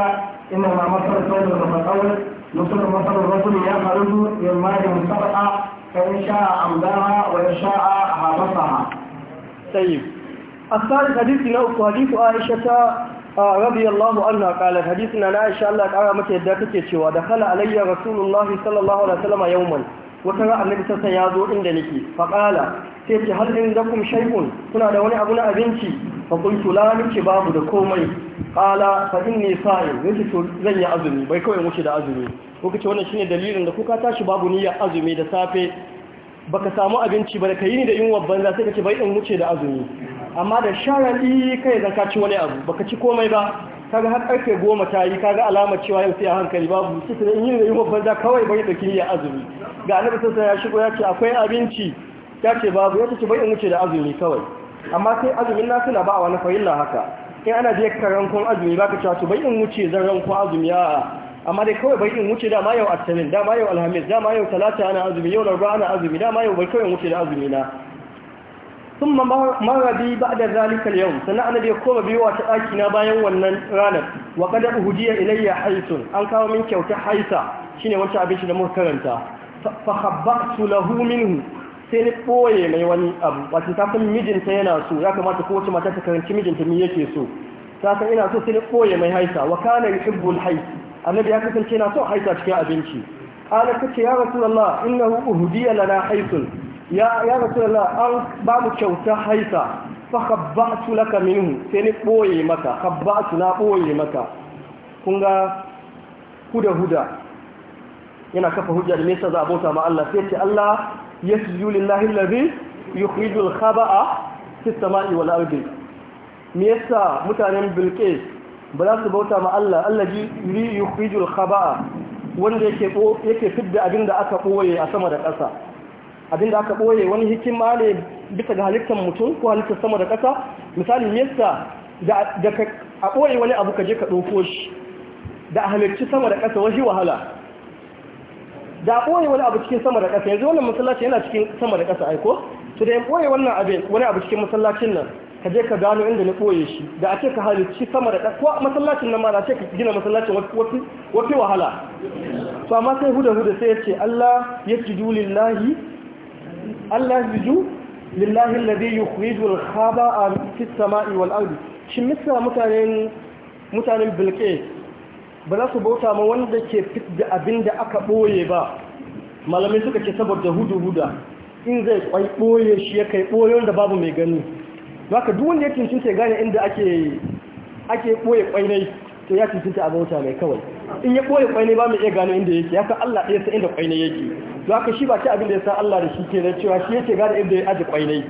إنما مثل الرجل المتطور نصر مصر الرجل يا يخرج من ماء سبق فإن شاء أمداها وإن شاء حبسها طيب الثالث حديثنا أكو حديث عائشة رضي الله عنها قالت حديثنا عائشة الله تعالى متى يداتك يشوى دخل علي رسول الله صلى الله عليه وسلم يوما وترى النبي صلى الله عليه وسلم عند نكي فقال سيتي هل عندكم شيء كنا دوني أبونا أبنتي فقلت لا نكي باب دكومي قال فإني صائم نكي زي أزمي بيكوي مشي دا أزمي ko kace wannan shine dalilin da kuka tashi babu niyyar azumi da safe baka samu abinci ba da kai ni da wabban banza sai kace bai in wuce da azumi amma da sharadi kai ka ci wani abu baka ci komai ba kaga har karfe goma ta yi kaga alamar cewa yau sai a hankali babu sai in yi da yunwa banza kawai bai da kiyya azumi ga annabi sai ya shigo ya ce akwai abinci ya ce babu ya ce bai in wuce da azumi kawai amma sai azumin na suna ba a wani fa'ila haka in ana je karankun azumi baka cewa to bai in wuce zan ranko azumi a amma dai kawai bai in wuce dama yau attamin dama yau alhamis dama yau talata ana azumi yau larba ana azumi dama yau bai kawai wuce da azumi na sun mara bi ba da zalikar yau sannan ana da ya koma biyuwa ta ɗaki na bayan wannan ranar wa kadar hujiya ilayya haisun an kawo min kyauta haisa shine wancan abinci da muka karanta fa habbatu lahu minhu sai ni ɓoye mai wani abu wato ta san mijinta yana so ya kamata kowace mata ta karanci mijinta me yake so ta san ina so sai ni ɓoye mai haisa wa kana yuhibbul haisa. annabi ya kasance na so haita cikin abinci ala kace ya rasulullah innahu uhdiya lana haitun ya ya rasulullah an ba mu kyauta haita fa khabbatu laka minhu sai ni boye maka khabbatu na boye maka kun ga huda huda yana kafa hujja da nesa za a bauta ma Allah sai ce Allah yasjudu lillahi allazi yukhrijul khaba'a fis sama'i wal ardi me yasa mutanen bilqis ba za su bauta ma Allah Allah ji li yukhrijul khaba'a wanda yake yake fidda abin da aka ɓoye a sama da ƙasa abin da aka ɓoye wani hikima ne bisa ga halittar mutum ko halittar sama da ƙasa misali yasta da da a boye wani abu ka je ka ɗauko shi da a sama da ƙasa wani wahala da a wani abu cikin sama da ƙasa yanzu wannan masallaci yana cikin sama da ƙasa aiko to da ya boye wannan abin wani abu cikin masallacin nan ka je ka gano inda na ɓoye shi da ake ka halici sama da ɗakwa masallacin nan ma da ake ka gina masallacin wafi wahala to amma sai huda huda sai ya ce Allah ya jiju lillahi Allah jiju lillahi alladhi yukhrijul khaba'a fis sama'i wal ardi shin misa mutanen mutanen bilqis ba za su bauta ma wanda ke fit da abin da aka ɓoye ba malamai suka ce saboda hudu huda in zai kwai ɓoye shi ya kai boyon da babu mai gani ba ka wanda ya cincinta ya gane inda ake ɓoye ƙwainai, to ya cincinta a bauta mai kawai in ya ɓoye kwainai ba mai iya gane inda yake ka Allah ɗaya sa inda kwainai yake ka shi ba ta abin da ya sa Allah da shi ke da cewa shi yake gane inda ya aji kwainai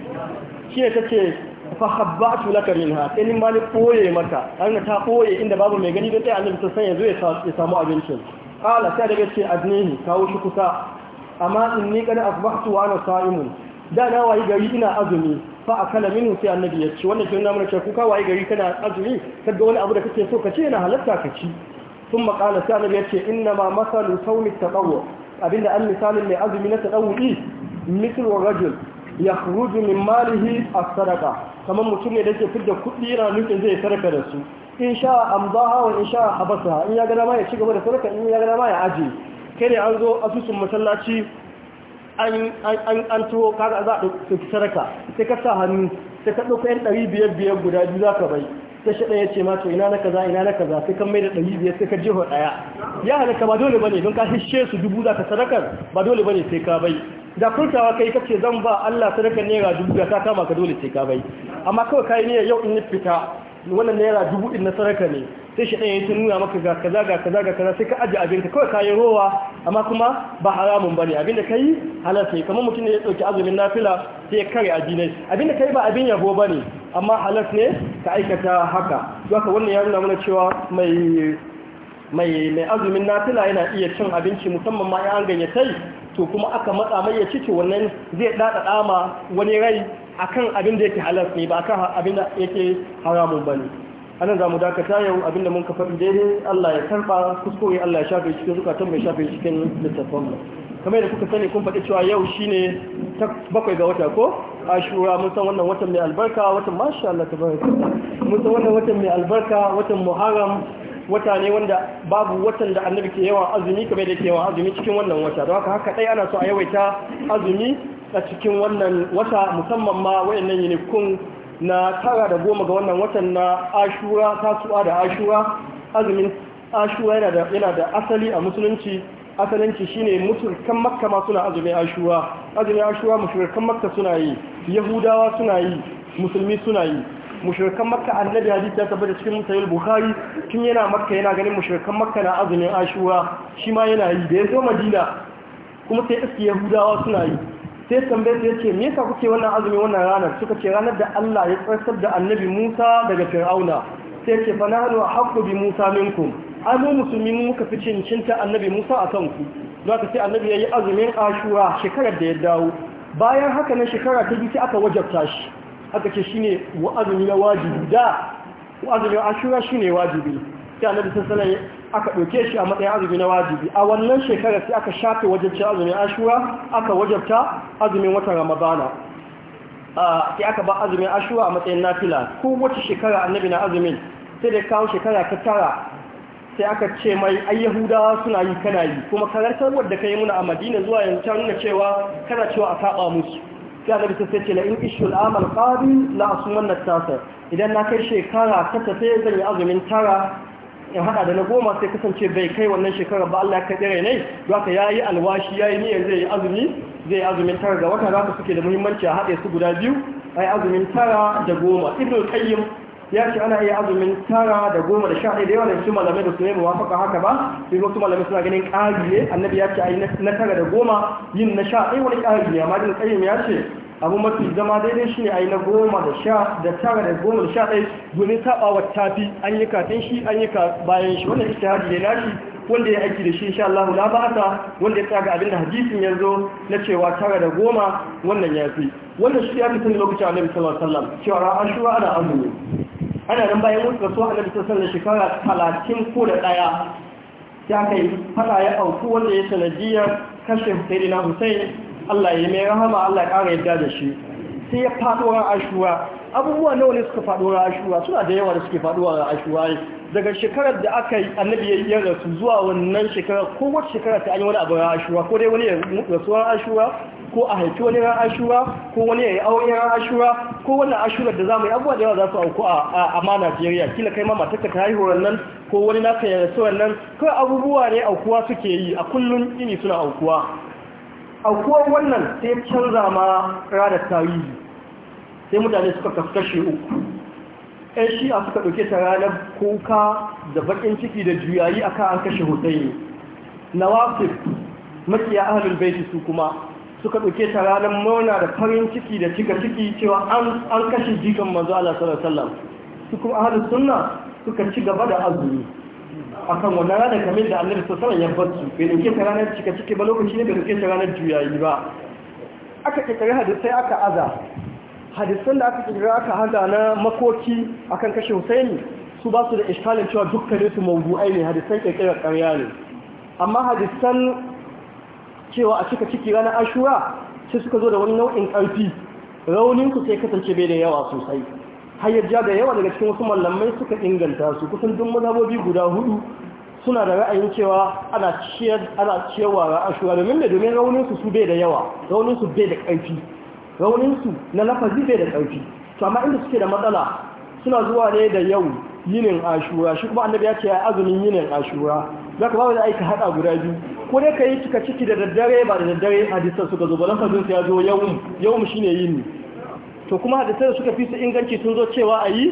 shi ya tace fa habbatu laka ha sai ma ni boye maka an ta boye inda babu mai gani don sai annabi ta san ya zo ya samu abincin Ƙala sai daga ce adnihi kawo shi kusa amma inni qad asbahtu wa ana da na wayi gari ina azumi fa a kala minu sai annabi ya ce wannan shirin namuna ce kuka waye gari kana azumi kaga wani abu da kake so ka ce yana halatta ka ci sun makala sai annabi ya ce inna ma masalu sauni abinda an misalin mai azumi na tadawwi wa rajul yakhruju min malihi as-sadaqa kamar mutum ne da ke fitar da kuɗi yana nufin zai saraka da su in sha amdaha wa in sha habasa in ya ga ma ya ci gaba da saraka, in ya gana ma ya aji. kai an zo asusun masallaci an tuwo kada za a ɗauki saraka sai ka sa hannu sai ka ɗauka yan ɗari biyar biyar guda biyu za ka bai ta shi ɗaya ce mato ina na kaza ina na kaza sai kan mai da ɗari biyar sai ka jiho ɗaya ya halaka ba dole bane don ka hishe su dubu za ka sadakar ba dole bane sai ka bai da furtawa kai kace zan ba Allah sadakar naira dubu da ta kama ka dole sai ka bai amma kawai kai ne yau in ni fita wannan naira dubu din na sadaka ne sai shi ɗaya ta nuna maka ga kaza ga kaza ga kaza sai ka ajiye abinka kawai ka yi rowa amma kuma ba haramun ba ne abinda ka yi sai kamar mutum ne ya ɗauki azumin nafila sai ya kare a addinai abinda ka yi ba abin yabo ba ne amma halal ne ka aikata haka zaka wannan ya nuna mana cewa mai mai mai azumin nafila yana iya cin abinci musamman ma ya an sai to kuma aka matsa mai ya ci to wannan zai ɗaɗa ma wani rai akan abin da yake halal ne ba akan abin da yake haramun ba ne anan za mu dakata yau abinda mun kafa daidai Allah ya karba kuskure Allah ya shafe cikin zukatan mai shafe cikin mu kamar yadda kuka sani kun faɗi cewa yau shine bakwai ga wata ko ashura mun san wannan watan mai albarka watan masha Allah tabaraka mun san wannan watan mai albarka watan muharram wata ne wanda babu watan da annabi ke yawan azumi kamar da ke yawan azumi cikin wannan wata don haka haka dai ana so a yawaita azumi a cikin wannan wata musamman ma wayannan yinikun na tara da goma ga wannan watan na ashura tasu'a da ashura azumin ashura yana da asali a musulunci asalinci shine musulkan makka ma suna azumin ashura azumin ashura musulkan makka suna yi yahudawa suna yi musulmi suna yi musulkan makka annabi hadisi ya tabbata cikin sahih bukhari tun yana makka yana ganin musulkan makka na azumin ashura shi ma yana yi da ya zo madina kuma sai iski yahudawa suna yi sai tambaye su yace me yasa kuke wannan azumi wannan ranar suka ce ranar da Allah ya tsarsar da annabi Musa daga Fir'auna sai ce fa nahnu haqqu bi Musa minkum ai mu musulmi mu muka fi cincinta annabi Musa a kanku zaka sai annabi ya yi azumin Ashura shekarar da ya dawo bayan haka na shekara ta biyu sai aka wajabta shi aka ce shine wa azumi na wajibi da wa Ashura shine wajibi sai annabi sallallahu aka ɗauke shi a matsayin azumi na wajibi a wannan shekara sai aka shafe cin azumin ashura aka wajabta azumin watan ramadana sai aka ba azumin ashura a matsayin nafila ko wace shekara annabi na azumin sai da kawo shekara ta tara sai aka ce mai ai yahudawa suna yi kana yi kuma karantar wadda ka yi muna a madina zuwa yanzu ta nuna cewa kana cewa a saba musu sai annabi sai ce la in ishul amal qadi la asumanna tasar idan na kai shekara ta tafe zan yi azumin tara in hada da na goma sai kasance bai kai wannan shekarar ba Allah ka tsere ne ka yayi alwashi yayi niyyar zai yi azumi zai azumin tara da wata zaka suke da muhimmanci a haɗe su guda biyu ai azumin tara da goma ibnu qayyim ya ce ana iya azumin tara da goma da sha ɗaya da yawa su malamai da su ne muwafaka haka ba sai wasu malamai suna ganin ƙari ne annabi ya ce a yi na tara da goma yin na sha ɗaya wani ƙari ne amma ibnu qayyim ya ce abu mafi zama daidai shi ne a yi na goma da sha da tara da goma da sha ɗai domin taɓawa tafi an yi kafin shi an yi bayan shi wannan ita hajji ya nashi wanda ya aiki da shi insha Allah la ba ta wanda ya tsaga abinda hadisin ya zo na cewa tara da goma wannan ya fi wannan shi ya fi lokacin annabi sallallahu alaihi wasallam cewa ran ashura ana azumi ana nan bayan mutu rasuwa annabi sallallahu alaihi wasallam shekara talatin ko da ɗaya ya kai fada ya auku wanda ya sanadiyar kashe Sayyidina Hussein Allah ya mai rahama Allah ya ƙara yadda da shi sai ya faɗo ran ashura abubuwa nawa ne suka faɗo ran ashura suna da yawa da suke faɗo ran ashura daga shekarar da aka yi annabi ya rasu zuwa wannan shekarar ko wata shekara ta an yi wani abu ran ashura ko dai wani ya rasu ran ashura ko a haifi wani ran ashura ko wani ya yi aure ran ashura ko wannan ashura da zamu yi abubuwa da yawa za su auku a ma Najeriya kila kai ma matarka ta haihuwar nan ko wani naka ya rasu nan kawai abubuwa ne aukuwa suke yi a kullum ini suna aukuwa A kuwa wannan sai canza ma da tarihi sai mutane suka kaskashe uku shi shi'a suka ɗauke ta ranar kuka da baƙin ciki da juyayi a kan an kashe hussaini nawasif makiya ahalin baiti su kuma suka ɗauke ta ranar murna da farin ciki da cika ciki cewa an kashe jikan manzo Allah sallallahu alaihi su kuma ahalin sunna suka ci gaba da azumi akan wannan ranar kamar da annabi sallallahu alaihi wasallam ya bai ta ranar cika cike ba lokaci ne bai ɗauke ta ranar juyayi ba aka kirkiri hadisai aka aza hadisan da aka kirkiri aka aza na makoki akan kashe Husaini su ba su da iskalin cewa dukkan su mawdu'ai ne hadisan a ƙarya ne amma hadisan cewa a cika ciki ranar Ashura sai suka zo da wani nau'in ƙarfi raunin ku sai kasance bai da yawa sosai hayyarja da yawa daga cikin wasu mallamai suka inganta su kusan duk mazhabobi guda hudu suna da ra'ayin cewa ana ciyar ana ciyarwa ga ashura domin da domin raunin su su bai da yawa raunin su bai da ƙarfi raunin su na lafazi bai da ƙarfi to amma inda suke da matsala suna zuwa ne da yau yinin ashura shi kuma annabi ya ce ya azumin yinin ashura za ka ba da aika haɗa guda biyu ko dai ka yi cika ciki da daddare ba da daddare hadisan suka zo balan su ya zo yawun yau shine yini to kuma hadisai da suka fi su inganci sun zo cewa a yi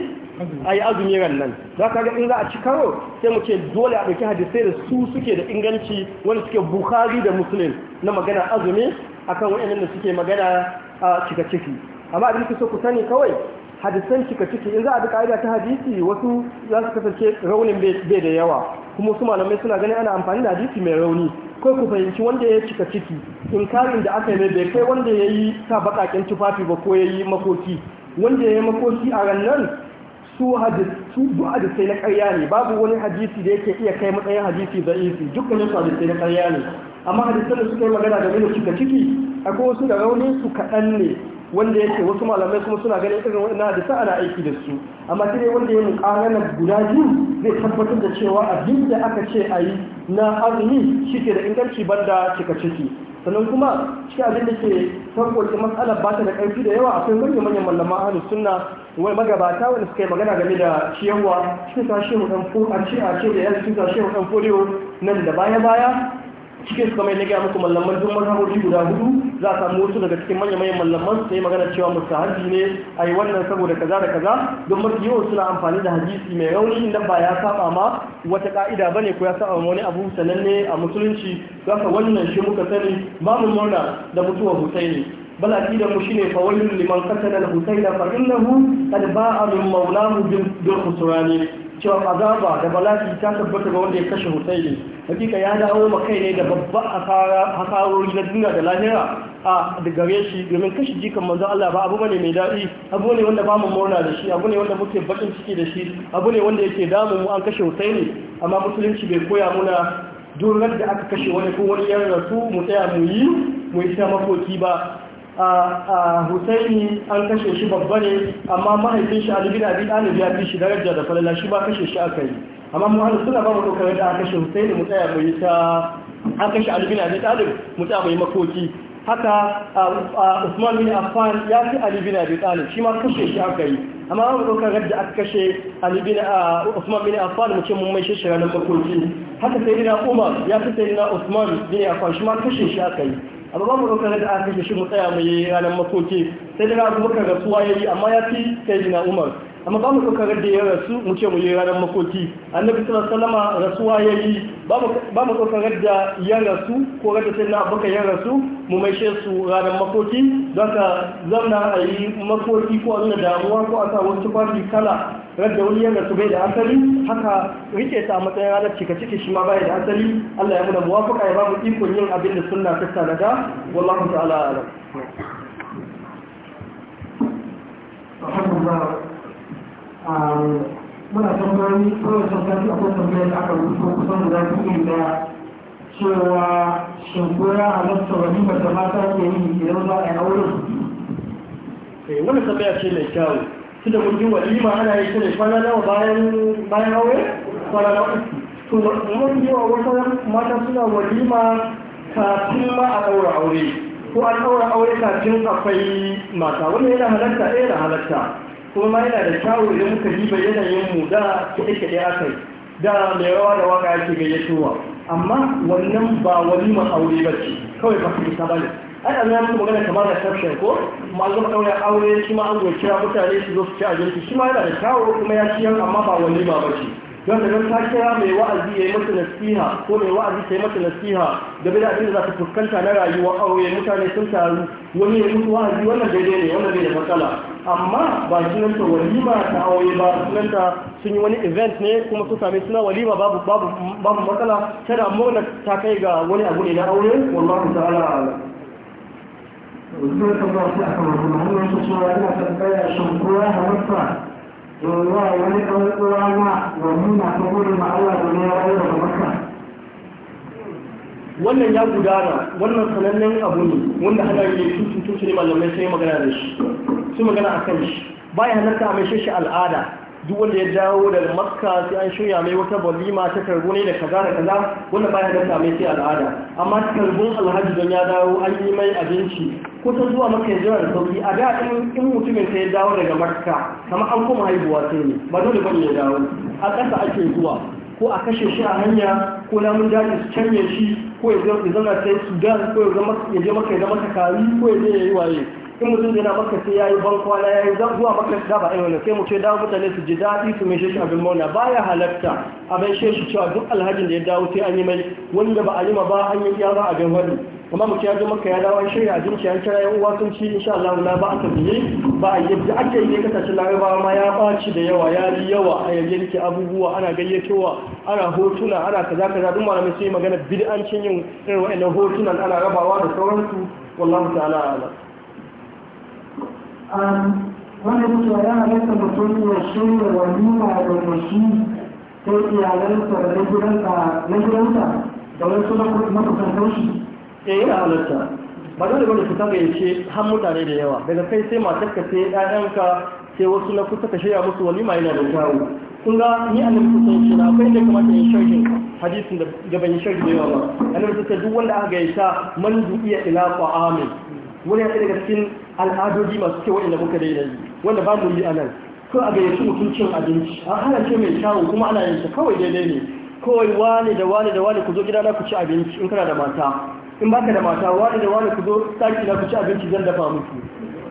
azumi ran nan za ka ga in za a ci karo sai mu ce dole a ɗauki hadisai da su suke da inganci wanda suke bukhari da muslim na magana azumi akan waɗannan da suke magana a cika ciki amma abin da ku sani kawai hadisan cika ciki in za a bi ka'ida ta hadisi wasu za su kasance raunin bai da yawa kuma wasu malamai suna ganin ana amfani da hadisi mai rauni ko ku fahimci wanda ya cika ciki inkarin da aka yi mai bai kai wanda ya yi sa bakakin tufafi ba ko ya yi makoki wanda ya yi makoki a rannan su hadisai na karya ne babu wani hadisi da yake iya kai matsayin hadisi da isi dukkanin su hadisai na karya ne amma hadisan da suka yi magana da da cika ciki akwai wasu da raunin su kaɗan ne wanda yake wasu malamai kuma suna ganin irin wannan sa ana aiki da su amma sai wanda ya mukarana guda biyu zai tabbatar da cewa abin da aka ce a yi na azumi shi ke da inganci banda cika ciki sannan kuma shi abin da ke tabbatar matsalar ba ta da ƙarfi da yawa akwai manyan manyan malaman ahlu sunna wai magabata wanda suka yi magana game da ciyarwa shi ta shehu dan a ce a ce da yan shi ta shehu dan foliyo nan da baya baya cikin su kamar na muku mallaman duk mazhabobi guda hudu za a samu wasu daga cikin manya manyan mallaman sai magana cewa hajji ne a yi wannan saboda kaza da kaza don mafi yawan suna amfani da hadisi mai rauni inda ba ya saba ma wata ka'ida ba ne ko ya saba ma wani abu sananne a musulunci za ka wannan shi muka sani babu murna da mutuwar husaini بل أكيد مشين فويل لمن قتل الحسين فإنه قد باع من مولاه بالخسران cewa azaba da bala'i ta tabbata ga wanda ya kashe Husaini hakika ya dawo ma kai ne da babban hasarori na duniya da lahira a da gare shi domin kashe jikan manzo Allah ba abu bane mai daɗi abu ne wanda ba mu murna da shi abu ne wanda muke bakin ciki da shi abu ne wanda yake damu mu an kashe Husaini amma musulunci bai koya muna durar da aka kashe wani ko wani yan rasu mu tsaya mu yi mu yi ta makoki ba a husaini an kashe shi babba ne amma mahaifin shi alibin abin alibi ya fi shi daraja da falala shi ba kashe shi aka yi amma mu hannu suna ba mu ɗaukar da aka kashe husaini mu tsaya mai ta an kashe alibin abin alib mu tsaya mai makoki haka a usman bin affan ya fi alibin abin alib shi ma kashe shi aka yi amma an ɗaukar yadda aka kashe alibin a usman bin affan mu ce mun mai shi na makoki haka sai dina umar ya fi sai dina usman bin affan shi ma kashe shi aka yi amma ba mu ɗaukar da aka ah, shi mu tsaya mai ranar makoki sai da abubakar rasuwa ya yi amma ya fi sai na umar amma ba mu ɗaukar da ya rasu mu ce mu yi ranar makoki annabi Salama rasuwa ya yi ba mu ɗaukar da ya rasu ko rada sai na abuka ya rasu mu shi su ranar makoki don ka zamna a yi makoki ko a damuwa ko a sa wasu tufafi kala radda wani yanga su bai da asali haka rike ta matsayin ranar cika ciki shi ma bai da asali Allah ya muna muwafaka ya babu ikon yin abin da sunna ta ga wallahu ta'ala alam muna tambayi kawai a akwai biyar da aka rufe kusan da zafi biyu da cewa shinkura halatta walimar da mata ke yi idan za a yi auren wani tambaya ce mai kyawu su da ji walima ana yi shirin kwana nawa bayan bayan aure kwana na uku to mun yi wa wata mata suna walima kafin ma a ɗaura aure ko an ɗaura aure kafin akwai mata wani yana halatta ɗaya da halatta kuma ma yana da kyawu idan muka diba yanayin mu da kiɗe-kiɗe aka yi da mai rawa da waka yake gayyatowa amma wannan ba wani aure ba ce kawai ba su ta bane ai an yi magana kamar da caption ko ma an ɗaure aure shi ma an goyi kira mutane su zo su ci abinci shi ma yana da kyawu kuma ya ciyar amma ba wani ba ce don da don ta kira mai wa'azi ya yi mata nasiha ko mai wa'azi ta yi mata nasiha game da abin da za ta fuskanta na rayuwa aure mutane sun taru wani ya mutu wa'azi wannan daidai ne wannan bai da matsala amma ba ta walima ta aure ba ta sun yi wani event ne kuma su sami suna walima babu babu babu matsala tana murna ta kai ga wani abu ne na aure wallahi ta'ala Wasu ne kan aka wasu mahimmanci cewa ina tambaya shan kowa halatta yanzu na wannan ya gudana wannan sanannen abu ne wanda hana yi ne malamai sai magana da shi su magana a kan shi bayan halarta a mai shi al'ada duk wanda ya dawo daga makka sai an shirya mai wata balima ta karbo ne da kaza da kaza wanda baya da same sai al'ada amma karbun alhaji don ya dawo an yi mai abinci ko ta zuwa maka ya jira da sauki a da in mutumin sai ya dawo daga makka kamar an koma haihuwa sai ne ba dole bane ya dawo a ƙasa ake zuwa ko a kashe shi a hanya ko namun daji su canye shi ko ya zama sai sudan ko ya zama ya je maka ya zama takari ko ya je ya yi waye in mutum zai na maka sai ya yi bankwana ya yayi zuwa maka da ba aiwani sai mu ce dawo mutane su ji daɗi su mai sheshi abin mauna ba ya halatta abin cewa duk alhajin da ya dawo sai an yi mai wanda ba a yi ma ba an yi iya ba abin wani amma ce ya zo maka ya dawo an shirya abinci an kira yan uwa sun ci insha Allah na ba a tafiye ba a yi yadda ake yi kasashen larabawa ma ya ɓaci da yawa ya yi yawa a yake abubuwa ana gayyatowa ana hotuna ana kaza kaza duk malamai sai magana bid'ancin yin irin wa'annan hotunan ana rabawa da sauransu wallahu ta'ala a'lam wani cewa ya halatta mutum ya shirya walima da mashi ta iyalansa da na gidansa da wasu makusantar shi eh ya halatta ba dole bane su kaga yace har mutane da yawa daga kai sai matar ka sai ɗayanka sai wasu na kusa ka shirya musu walima yana da kyawu kun ga ni annabi sun shi na akwai da kamata yin sharhi hadisin da ban sharhi da yawa ba annabi sun duk wanda aka gaisa man du'iya ila amin. wani yana daga cikin al'adoji masu kyau wanda muka daina yi wanda ba mu yi a nan ko a gayyaci mutum cin abinci a hana ce mai kyawu kuma ana yin ta kawai daidai ne kawai wani da wani da wani ku zo gida na ku ci abinci in kana da mata in baka da mata wani da wani ku zo saki na ku ci abinci zan dafa muku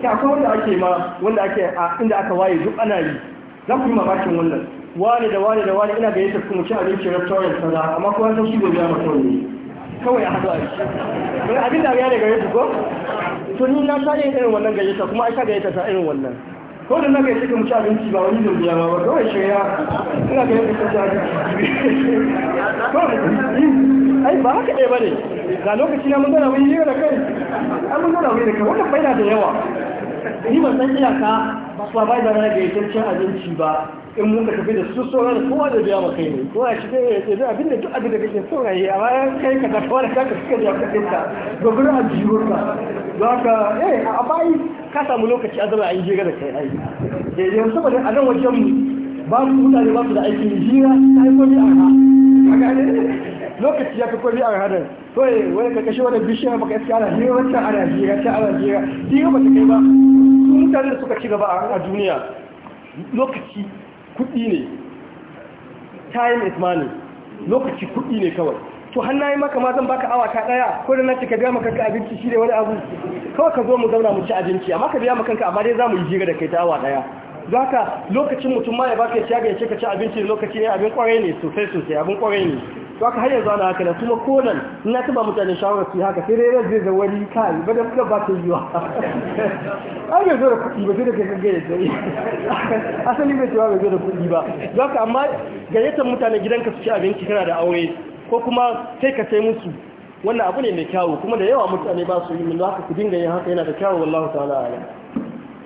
ki akwai wanda ake ma wanda ake a inda aka waye duk ana yi za ku yi mamakin wannan wani da wani da wani ina gayyata ku mu ci abinci restaurant kaza amma kuma san shi bai ya mutum ne kawai a hadu a yi abin da ya daga yadda ko to ni na sa irin wannan gayyata kuma aika gayyata ta irin wannan ko da naka yadda mu ci abinci ba wani dubiya ba kawai shirya ina ga yadda ta abinci ai ba haka ɗaya ba ne ga lokaci na mun gana mun yi da kai an mun gana mun da kai wannan bai da yawa ni ban san iyaka ba ba da na gayyataccen abinci ba in mun ka tafi da su sauran kowa da biya maka ne kowa ya shiga ya ce abin da duk abin da kake so rayi a ya kai ka tafi da kanka suka da kake ta gobe a jiwon ka za ka eh a bayi ka samu lokaci a zama a yi jira da kai ai eh yanzu saboda a nan wajen mu ba mu mutane ba su da aikin jira ta yi kwami arha lokaci ya fi kwami arha to eh wani ka kashe wani bishiyar baka iska ana jira wancan ana jira ta ana jira jira ba ta kai ba mutane da suka ci gaba a duniya lokaci kuɗi ne time is money lokaci kuɗi ne kawai to hannu yi maka ma baka awa ta ɗaya ko da na ce ka biya maka kanka abinci shi ne wani abu kawai ka zo mu zauna mu ci abinci amma ka biya maka kanka amma dai za mu yi jira da kai ta awa ɗaya za ka lokacin mutum ma ya baka ya shaga ya ce ka ci abinci lokaci ne abin kwarai ne sosai sosai abin kwarai ne to aka hanyar zuwa na haka da kuma konan ina taba mutane shawarar su haka sai dai zai da wani kai ba da kuka ba ta yiwa an bai zo da kuɗi ba sai da kaga gaya zai asali bai cewa bai zo da kuɗi ba don ka amma gayyatar mutane gidanka su ci abinci kana da aure ko kuma sai ka sai musu wannan abu ne mai kyawu kuma da yawa mutane ba su yi mun haka ku dinga yin haka yana da kyawu wallahu ta'ala alam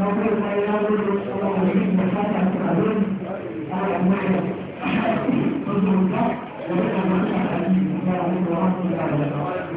Thank you.